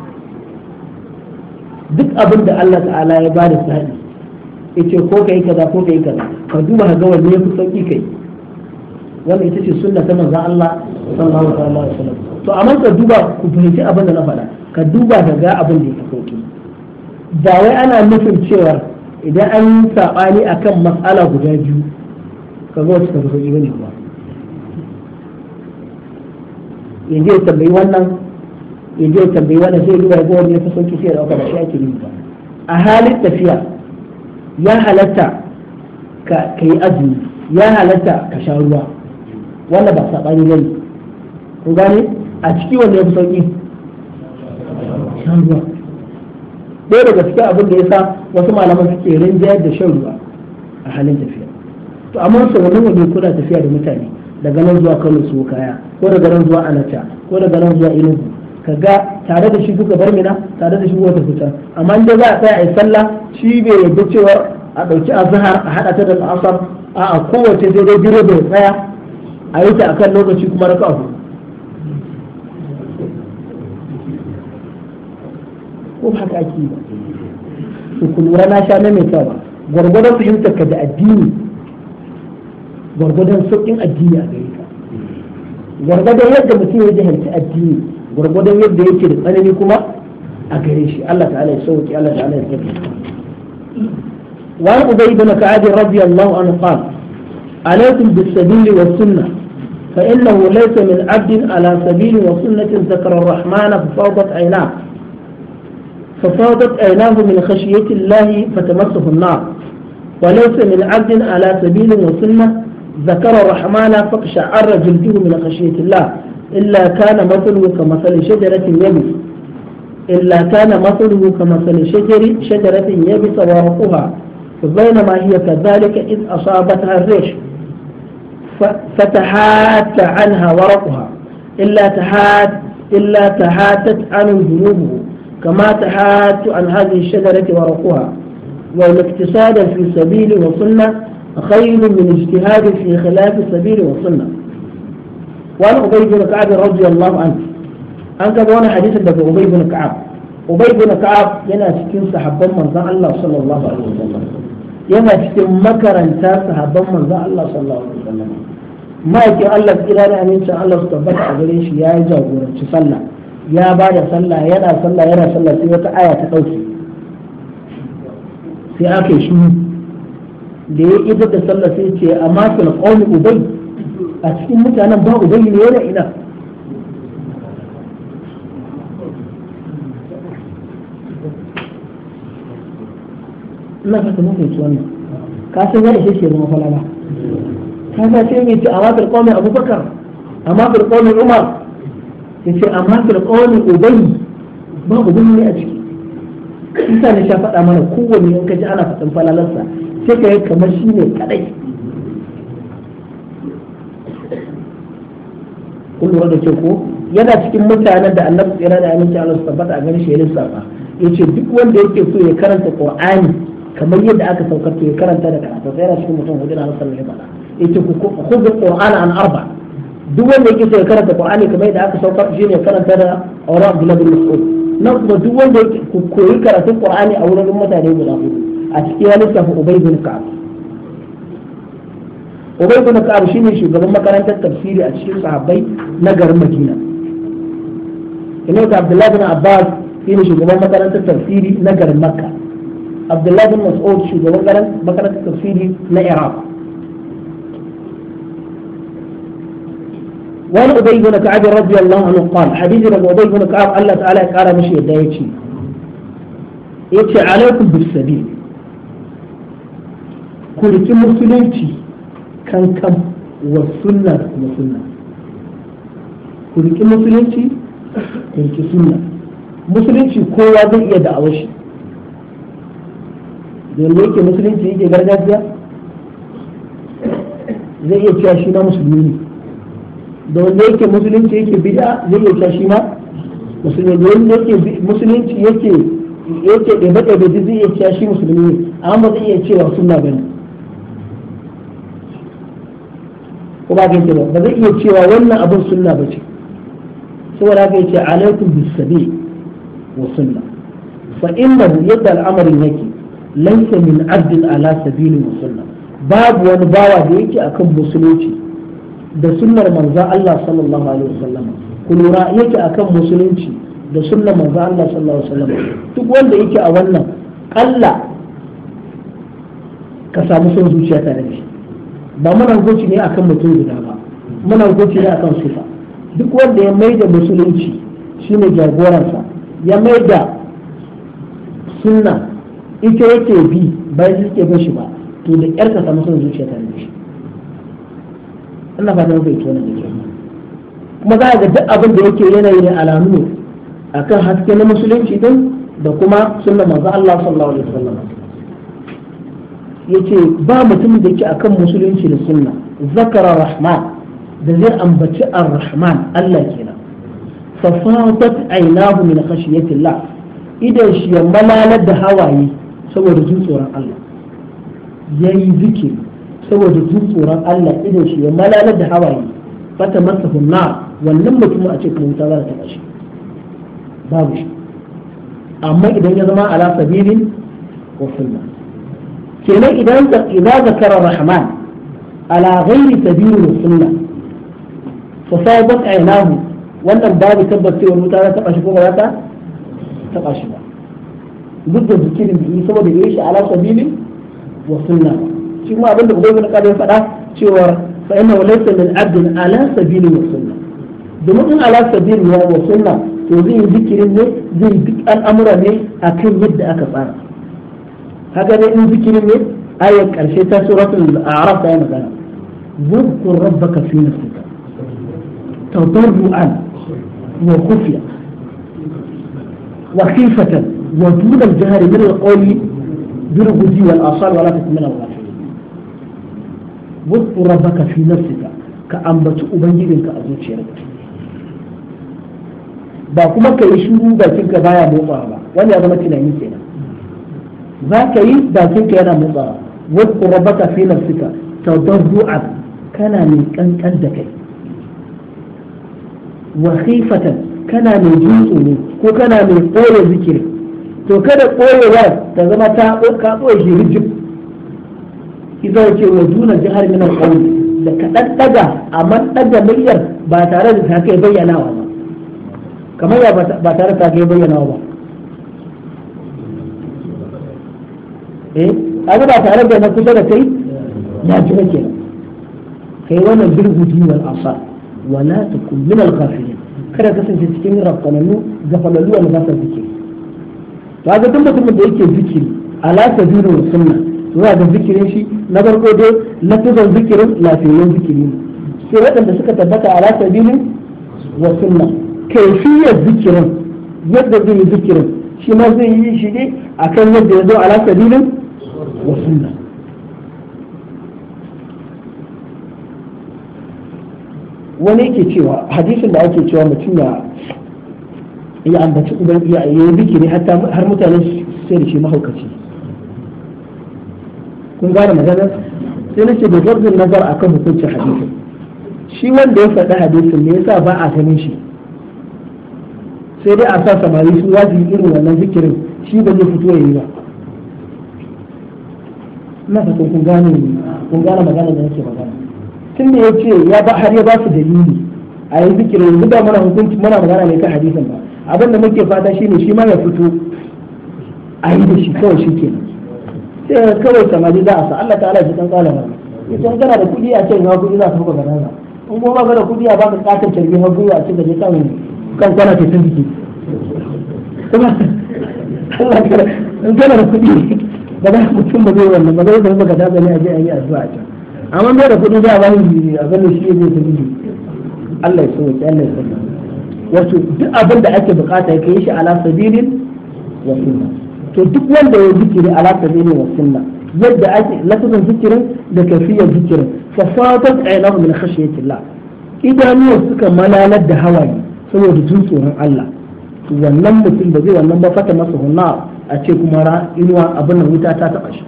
duk abin da Allah ta'ala ya bada sa'i yace ko kai kaza ko kai kaza ka duba ka ga wanne yafi sauki kai wannan ita ce sunna ta manzon Allah sallallahu alaihi wasallam to amma ka duba ku fahimci abin da na faɗa ka duba ka ga abin da yake sauki ba wai ana nufin cewa idan an yi sabani akan mas'ala guda biyu ka ga wacce ta fi sauki bane ba yanzu ya tambayi wannan yanzu ya tambayi wannan sai ya duba ya ga wanne yafi sauki sai ya dauka ba shi ake yi ba a halin tafiya ya halatta ka yi azumi ya halatta ka sha ruwa wanda ba saɓani ne ku gane a ciki wanda ya fi sauƙi shan ruwa ɗaya daga cikin abin da ya sa wasu malaman suke rinjayar da shan ruwa a halin tafiya to amma sau wani waje kuna tafiya da mutane daga nan zuwa kano su kaya ko daga nan zuwa alata ko daga nan zuwa inugu ka ga tare da shi kuka bar mina tare da shi kuka tafi can amma inda za a tsaya a yi sallah shi bai yarda cewa a ɗauki azhar a haɗa ta da asar a a kowace daidai biro bai tsaya a yi ta akan lokaci kuma raka abu ko haka ake ba to ku lura na sha na mai kyau ba gwargwadon fahimtar ka da addini gwargwadon sauƙin addini a gare ka gwargwadon yadda mutum ya jahilci addini gwargwadon yadda yake da tsanani kuma a gare shi Allah ta'ala ya sauke Allah ta'ala ya sauke wani ubai bin ka'adin radiyallahu anhu qala alaykum bis sabili was sunnah fa innahu laysa min abdin ala sabili was sunnati zakara ar-rahman fa fawdat ayna fa fawdat aynahu min khashyati llahi fa tamassahu an-nar wa laysa min abdin ala sabili was sunnah ذكر الرحمن فاقشعر جلده من خشية الله إلا كان مثله كمثل شجرة يبس إلا كان مثله كمثل شجر شجرة يبس ورقها بينما هي كذلك إذ أصابتها الريش فتحات عنها ورقها إلا تحات إلا تحاتت عنه الجنوب كما تحات عن هذه الشجرة ورقها والاقتصاد في سبيل وسنة خير من اجتهاد في خلاف سبيل وسنة wani ubay bin ka'ab radiyallahu anhu an kaga wani hadisin daga ubay bin ka'ab ubay bin ka'ab yana cikin sahabban manzon Allah sallallahu alaihi wasallam yana cikin makaranta sahabban manzon Allah sallallahu alaihi wasallam ma'aikin Allah tsira da amincin Allah su tabbata a gare shi ya yi jagoranci sallah ya ba da sallah yana sallah yana sallah sai wata aya ta dauke sai aka yi shi da ya ita da sallah sai ce amma fil qawmi ubay a cikin mutanen ba ubangi ne yana ina ina ka kuma kai wannan ka san yadda shi ke zama falala ka ga shi ne ce amma firqawmi abubakar amma firqawmi umar sai ce amma firqawmi ubangi ba ubangi ne a ciki isa ne sha faɗa mana kowanne in ka ji ana faɗin falalarsa sai ka yi kamar shi ne kadai kun lura da ke ko yana cikin mutanen da annabi tsira da aminci Allah tabbata a ganin shi ya safa yace duk wanda yake so ya karanta qur'ani kamar yadda aka saukar to ya karanta da karatu sai yana cikin mutum hudu na Allah sallallahu alaihi wasallam yace ku khudhu qur'ana an arba duk wanda yake so ya karanta qur'ani kamar yadda aka saukar shi ne karanta da aura abdullahi bin mas'ud nan kuma duk wanda yake koyi karatun qur'ani a wurin mutane guda hudu a cikin ya lissafa ubay bin ka'ab ubay bin ka'ab shine shugaban makarantar tafsiri a cikin sahabbai na garin madina ina da abdullahi bin abbas shine shugaban makarantar tafsiri na garin makka abdullahi bin mas'ud shugaban makarantar tafsiri na iraq وعن أبي بن كعب رضي الله عنه قال حديث رب أبي بن كعب الله تعالى قال مشي يدايتي يتي عليكم بالسبيل كل مسلمتي kankan wa sunna kuma sunna ku riƙi musulunci ku riƙi sunna musulunci kowa zai iya da'awar shi domin yake musulunci yake gargajiya zai iya cewa shi ma musulmi ne da wanda yake musulunci yake bid'a zai iya cewa shi ma musulmi da wanda yake musulunci yake yake ɗebe ɗebe zai iya cewa shi musulmi ne amma zai iya cewa sunna bane ko ba ka ba ba zai iya cewa wannan abin sunna ba ce saboda haka yace alaikum bisabi wa sunna fa innahu yadda al'amarin yake laysa min abdin ala sabili wa sunna babu wani bawa da yake akan musulunci da sunnar manzo Allah sallallahu alaihi wasallam ku lura yake akan musulunci da sunnar manzo Allah sallallahu alaihi wasallam duk wanda yake a wannan Allah ka samu son zuciya tare da shi ba muna hukunci ne akan mutum guda ba muna hukunci ne akan sufa duk wanda ya maida musulunci shine jagoransa ya maida sunna ita yake bi ba yake bin shi ba to da yar ka samu zuciya ta ne shi ina fatan bai tona da kyau kuma za a ga duk abin da yake yanayi ne alamu akan haske na musulunci din da kuma sunna manzo Allah sallallahu alaihi wasallam yace ba mutum da yake akan musulunci da sunna zakara rahman da zai ambaci ar-rahman Allah kenan fa fatat aynahu min khashyatillah idan shi ya malalar da hawaye saboda jin tsoron Allah yayi zikiri saboda jin tsoron Allah idan shi ya malalar da hawaye fata masa hunna wannan mutum a ce kuma wuta za ta kashe babu shi amma idan ya zama ala sabilin wa sunna kenan idan idza zakara rahman ala ghairi sabil sunna fa sabat aynahu wannan babu tabbacewar mutane ta kashi ko ba ta ta kashi ba duk da zikirin da yi saboda yayi shi ala sabili wa sunna shi kuma abinda bugai na kada faɗa cewa fa inna laysa lil abd ala sabili wa sunna domin in ala sabili wa sunna to zai yi zikirin ne zai duk al'amura ne akan yadda aka tsara kaga dai in zikirin ne ayar karshe ta suratul a'raf ta yi magana wadkur ka fi na nafsika tadarruan wa khufiya wa khifatan wa dun al-jahri min al-qawli bil ghudwi wal asal wa la takmina wa wadkur ka fi na nafsika ka ambaci ubangijinka a zuciyarka ba kuma ka yi shiru bakin ka baya motsawa ba wani ya zama tunani kenan za ka yi bakin ka yana motsa wadda rabaka fi nafsika du'a kana mai kankan da kai wa khifatan kana mai dutse ne ko kana mai ɓoye zikiri to kada ɓoyewar ta zama ta ka ɓoye shi rijib ita ce wa duna jihar min al-qawl da kaɗan ɗaga amma ɗaga muryar ba tare da ta kai bayyanawa ba kamar ya ba tare da ta kai bayyanawa ba eh kaga ba tare da na kusa da kai ya ji kake kai wannan birgudi wal asar wala takun min al ghafilin kada kasance cikin rafananu gafalallu wanda ba sa to ga duk mutumin da yake zikiri ala tabiru wa sunna zuwa ga zikirin shi na farko dai na lafizan zikirin lafiyan zikiri ne sai waɗanda suka tabbata ala tabiru wa sunna kaifiyar zikirin yadda zai yi zikirin shi ma zai yi shi ne akan yadda ya zo ala tabirin wani yake cewa hadisin da ake cewa mutum ya ya ambaci uban ya yi har mutane sai da shi mahaukaci kun gane magana sai na ce da zargin nazar akan hukuncin hadisin shi wanda ya faɗi hadisin me yasa ba a ganin shi sai dai a sa samari su wajibi irin wannan zikirin shi ba zai fito ya yi ba na ka kun gane kun gane magana da yake magana tun da ya ce ya ba har ya ba su dalili a yi zikiri yanzu da muna hukunci muna magana ne kan hadisin ba abin da muke fata shine shi ma ya fito a yi da shi kawai shi ke sai kawai samari za a sa Allah ta'ala shi kan tsala ba idan kana da kudi a cikin kudi za ka fuka gana in goma ba da kudi a baka katin tarbi hagu a cikin da ya kan kan kana ke tun biki kuma Allah in kana da ba za mutum ba zai wannan ba zai zama ka daga ne a je a yi addu'a a can amma bai da kuɗi za a bani biyu a bani shi zai ta biyu Allah ya sauke Allah ya sauke wato duk abin da ake bukata ya kai shi ala sabilin wa sunna to duk wanda ya zikiri ala sabilin wa sunna yadda ake lafazin zikirin da kafiyar zikirin fa sadat aynahu min khashyatillah idanuwa suka malalar da hawaye saboda jin tsoron Allah wannan mutum da zai wannan ba fata masa hunna a ce kuma ra inuwa abin da wuta ta taɓa shi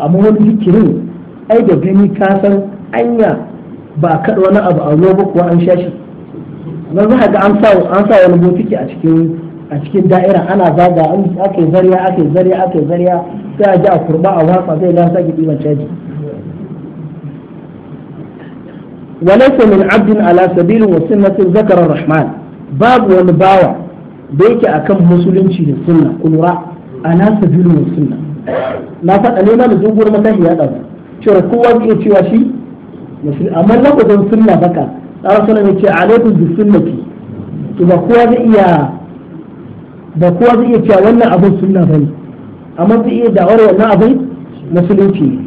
amma wani zikirin ai da gani ka san anya ba kaɗa wani abu a ruwa ba kuwa an sha shi na za ga an sa wani botiki a cikin a cikin da'ira ana zaga an ake zariya ake zariya ake zariya sai a ji a kurba a watsa zai ga sake ɗiban caji 'abdin ala sabilin wa sunnatin وسنة rahman babu wani bawa. da yake kan musulunci da sunna kulura ana biyu da sunna na faɗa ne ma da doguwar matashi ya ɗaga cewa kowa zai cewa shi amma lafazin sunna baka tsara suna ya ce da bi ke to ba kowa zai iya ba kowa zai iya cewa wannan abin sunna ne amma zai iya da'awar wannan abin musulunci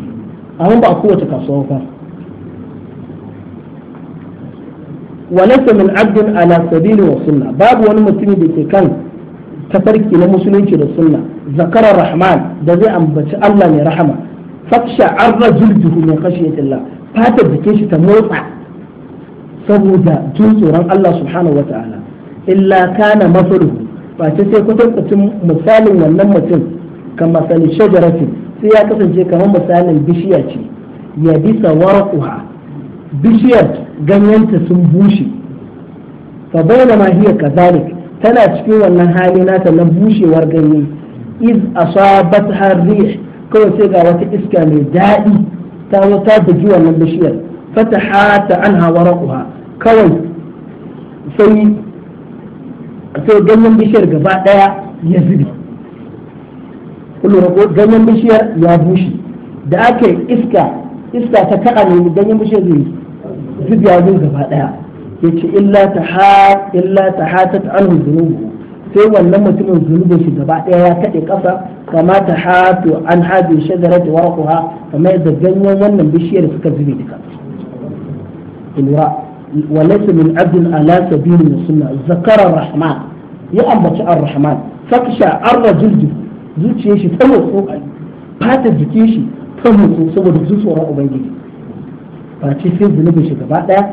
amma ba a kowace kasuwa ba وليس من عبد على سبيل والسنة باب وانا متني بيتكان تفرق إلى مسلمين السنة ذكر الرحمن ده زي أم الله من رحمه فقشعر جلده من خشية الله فهذا بكيش تموتع saboda jin tsoron Allah subhanahu wa ta'ala illa kana mafaruhu ba ce sai kwatankwacin misalin wannan mutum kamar misali shajarati sai ya kasance kamar misalin bishiya ce ya bisa warquha bishiyar ganyenta sun bushe fa bayna ma hiya kazalik tana cikin wannan hali nata na bushewar ganye iz asabat harrih kawai sai ga wata iska mai daɗi ta zo ta bugi wannan bishiyar fatahata anha waraquha kawai sai sai ganyen bishiyar gaba ɗaya ya zubi kullu ganyen bishiyar ya bushe da aka iska iska ta kaɗa ne ganyen bishiyar zai duk ya zo gaba daya yace illa ta illa ta anu anhu sai wannan mutumin zunubin shi gaba daya ya kaɗe kasa kama ta hatu an hadu shajaratu warquha kamar da ganyen wannan bishiyar suka zube duka ilwa وليس من عبد على سبيل السنة ذكر الرحمن يأمبت الرحمن فكشى الرجل zuciyar shi ta motsu fatar jikin shi ta mutu saboda jin ubangiji ba ce sai zunubin shi gaba daya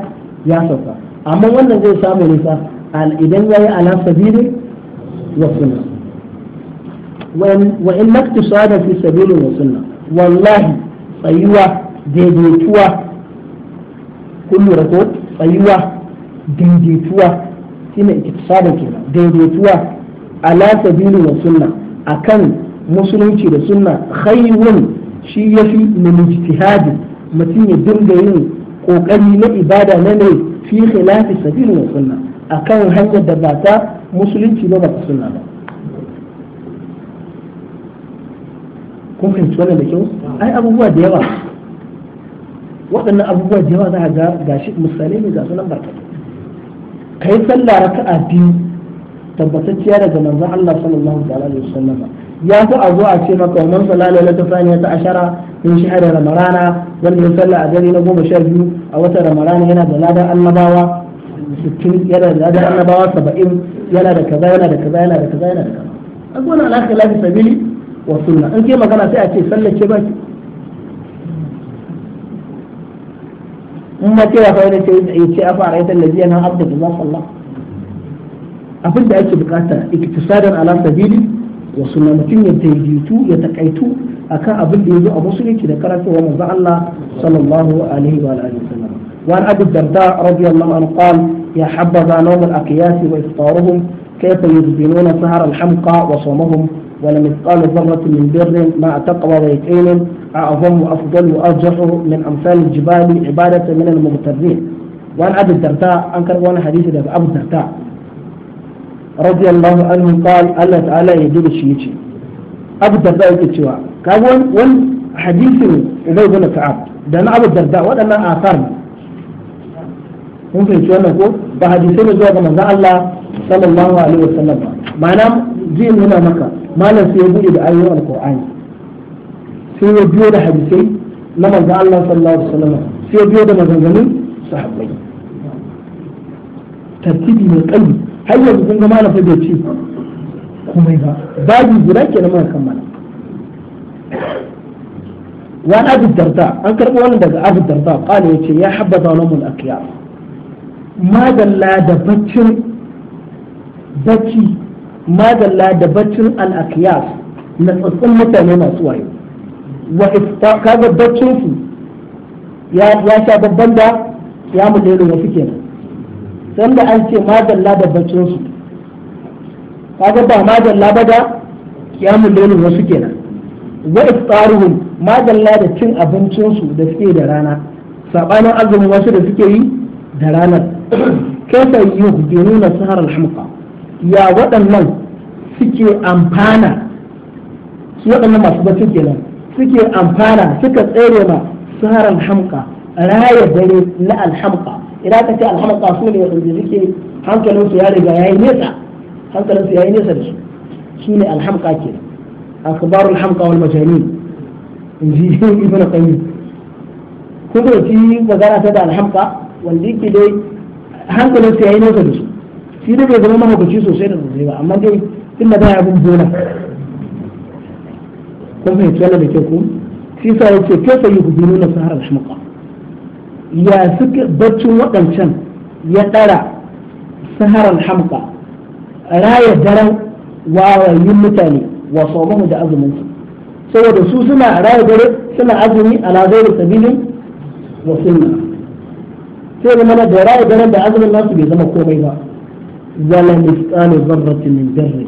ya sauka amma wannan zai samu nisa fa idan yayi ala sabili wa sunna wa in maktisada fi sabili wa sunna wallahi tsayuwa daidaituwa kun lura tsayuwa daidaituwa shine iktisada kenan daidaituwa ala sabili wa sunna akan musulunci da sunna khairun shi yafi min ijtihadi mutum ya dinga yin kokari na ibada na ne fi khilafi sabili wa sunna akan hanyar da ba ta musulunci ba ba ta sunna ba kun fahimci wannan da kyau ai abubuwa da yawa waɗannan abubuwa da yawa za a ga gashi misalai ne ga sunan barka kai sallah raka'a biyu tabbatacciya daga manzon Allah sallallahu alaihi wasallam ya fi a zuwa ce maka wa man salla lailatul thaniya ta ashara min shahr ramadana wanda ya salla a dare na goma sha biyu a watan ramadana yana da ladan annabawa sittin yana da ladan annabawa saba'in yana da kaza yana da kaza yana da kaza yana da kaza a gona ala khilafi sabili wa sunna in ke magana sai a ce sallace ba in ma ce ya fa yana ce ya a fara yasan da ziyanar abdu da za su Allah abin da ake bukata iktisadar ala sabili ya suna mutum ya daidaitu ya takaitu akan abin da ya zo a musulunci da karantarwa manzo Allah sallallahu alaihi wa alihi wasallam wa abu darda radiyallahu anhu qal ya habba nawm al aqiyas wa iftaruhum كيف يدبنون سهر الحمقى وصومهم ولا مثقال ذرة من بر مع تقوى ريتين أعظم وأفضل وأرجح من أمثال الجبال عبادة من المغترين وعن أبي الدرداء أنكر وانا حديث أبو الدرداء radiyallahu anhu qal ya duba shi yace Abu Darda yake cewa kaga wani hadisin Ubay da na Abu Darda waɗannan asar ne kun fahimci wannan ko ba hadisai ne zuwa ga manzon Allah sallallahu alaihi wasallam ba ma'ana zai nuna maka malam sai ya bude da ayoyin alqur'ani sai ya biyo da hadisai na manzon Allah sallallahu alaihi sai ya biyo da har yanzu kun ga malafa bai ce komai ba babu guda ke na mawakan mana wa abu darda an karɓi wani daga abu darda kwale ya ce ya haɓa zaune mun a kiyar madalla da baccin bacci madalla da baccin al'akiyar na tsatsin mutane masu wayo wa ita kaga baccinsu ya sha babban da ya mu lelo wasu kenan sanda an ce madalla da baccin su kaga ba madalla ba da kiyamun lailin wasu kenan wa iftaruhum madalla da cin abincinsu da suke da rana sabanin azumin wasu da suke yi da ranar kaifa yuhdinuna sahar al-hamqa ya waɗannan suke amfana su waɗannan masu bacci kenan suke amfana suka tsere ma sahar al raya dare na alhamqa. idan aka ce alhalaka su ne waɗanda suke hankalinsu ya riga ya yi nesa hankalinsu ya yi nesa da su su ne alhamka ke akbarul hamka wal majanin in ji ibn qayyim kuma ci magana ta da alhamka wanda yake dai hankalinsu ya yi nesa da su shi dai bai zama mahaukaci sosai da sosai ba amma dai tun da baya bin bola ko fahimci wannan da ke ku shi sa yace kai sai yuhdinuna sahar alhamka ya suka baccin waɗancan ya ɗara saharar hamka raya daren wawayin mutane wa saumahu da azumin su saboda su suna raya dare suna azumi a lazarin sabilin wa sunna sai zama na da raya daren da azumin nasu bai zama komai ba wala misqalu zarratin min darri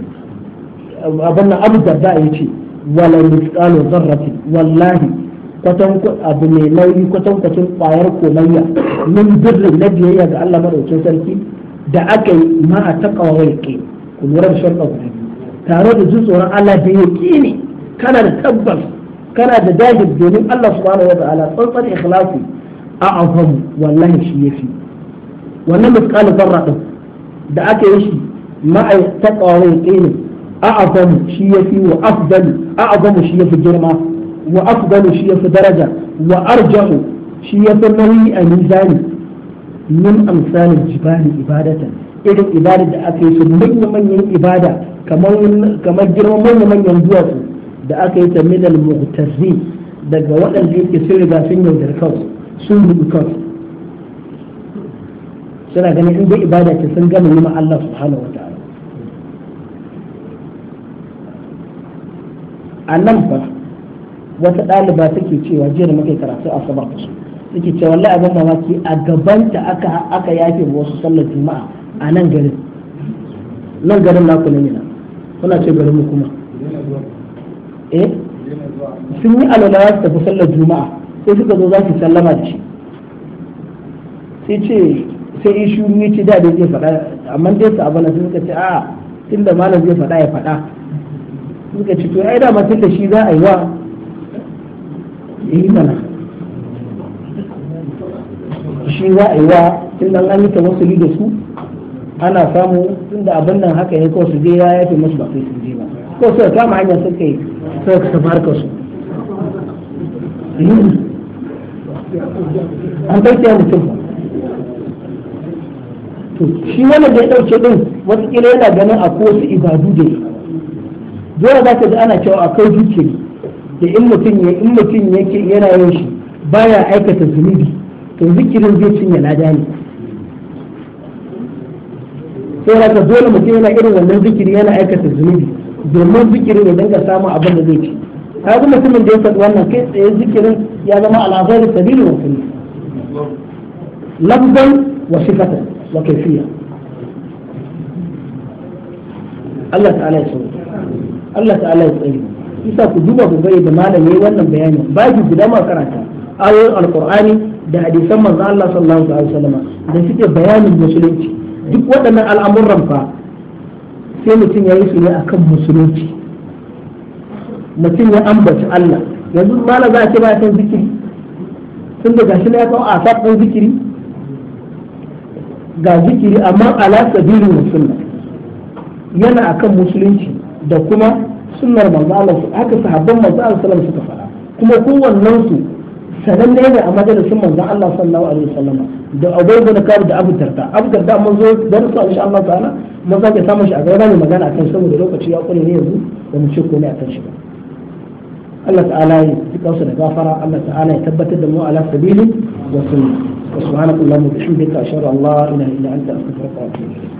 abin abu da ya ce wala misqalu zarratin wallahi kwatan abu mai nauyi kwatan kwatan kwayar komayya min birrin na biyayya ga Allah madaukakin sarki da aka yi ma a takawa waike ku lura da sharɗa guda tare da jin tsoron Allah da yake ne kana da tabbas kana da dajin domin Allah subhanahu wa ta'ala tsantsan ikhlasi a afamu wallahi shi yafi wannan misqalu zarra din da aka yi shi ma a takawa waike ne a afamu shi yafi wa afdalu a afamu shi yafi girma wa afdalu shi yafi daraja wa arjahu shi yafi nauyi a mizani min amsalin jibali ibadatan irin ibada da aka yi su manyan ibada kamar girman manya-manyan duwatsu da aka yi ta minal muhtazi daga waɗanda yake sun riga sun yaudar kansu sun rubu kansu suna ganin in dai ibada ce sun gama yi ma Allah subhanahu wa wata ɗaliba take cewa jiya da muka yi karatu a sabar su take cewa wallahi abin mamaki a gabanta aka aka yafe wasu sallar juma'a a nan garin nan garin naku ne mina kuna ce garin mu kuma eh sun yi alwala za su tafi sallar juma'a sai suka zo za su sallama da shi sai ce sai yi shuru ya ce da dai zai faɗa amma dai su abana sai suka ce a tunda malam zai faɗa ya faɗa suka ce to ai da ma tunda shi za a yi wa yi mana shi za a yi wa tun da an yi tawassuli da su ana samu tun da abin nan haka ne ko su je ya yafe musu ba sai su je ba ko su kama hanya suka yi sai ka tafi harkar su an kai ta mutum to shi wannan da ya dauke din wata kila yana ganin a ko su ibadu da dole za ka ji ana cewa akwai dukiri da in mutum ya in mutum yake yana yin shi baya aikata zunubi to zikirin zai cinye lada ne sai ka dole mutum yana irin wannan zikiri yana aikata zunubi domin zikirin ya dinga samun abin da zai ci kaga mutumin da ya faɗi wannan kai tsaye zikirin ya zama al'azari sabili wa kulli lafzan wa sifatan wa kaifiya Allah ta'ala ya tsaye Allah ta'ala ya tsaye isa ku duba ku ga yadda malam yayi wannan bayani babu guda ma karanta ayoyin alqur'ani da hadisan manzo Allah sallallahu alaihi wasallam da suke bayanin musulunci duk waɗannan al'amuran fa sai mutum ya yi su ne akan musulunci mutum ya ambaci Allah yanzu malam za a ce ba san zikiri tun da gashi na ya kawo a ɗin zikiri ga zikiri amma ala sabilin sunna yana akan musulunci da kuma sunnar manzo Allah haka sahabban manzo Allah sallallahu suka faɗa kuma kowannen su sananne ne a majalisin manzo Allah sallallahu alaihi wasallam da abu bin da Abu Darda Abu Darda mun zo darsa insha Allah ta'ala mun sake samun shi a gaba ne magana akan saboda lokaci ya kure ne yanzu da mu ce ko ne akan shi ba Allah ta'ala ya su da gafara Allah ta'ala ya tabbatar da mu ala sabili wa sunna wa subhanakallahumma wa bihamdika ashhadu an la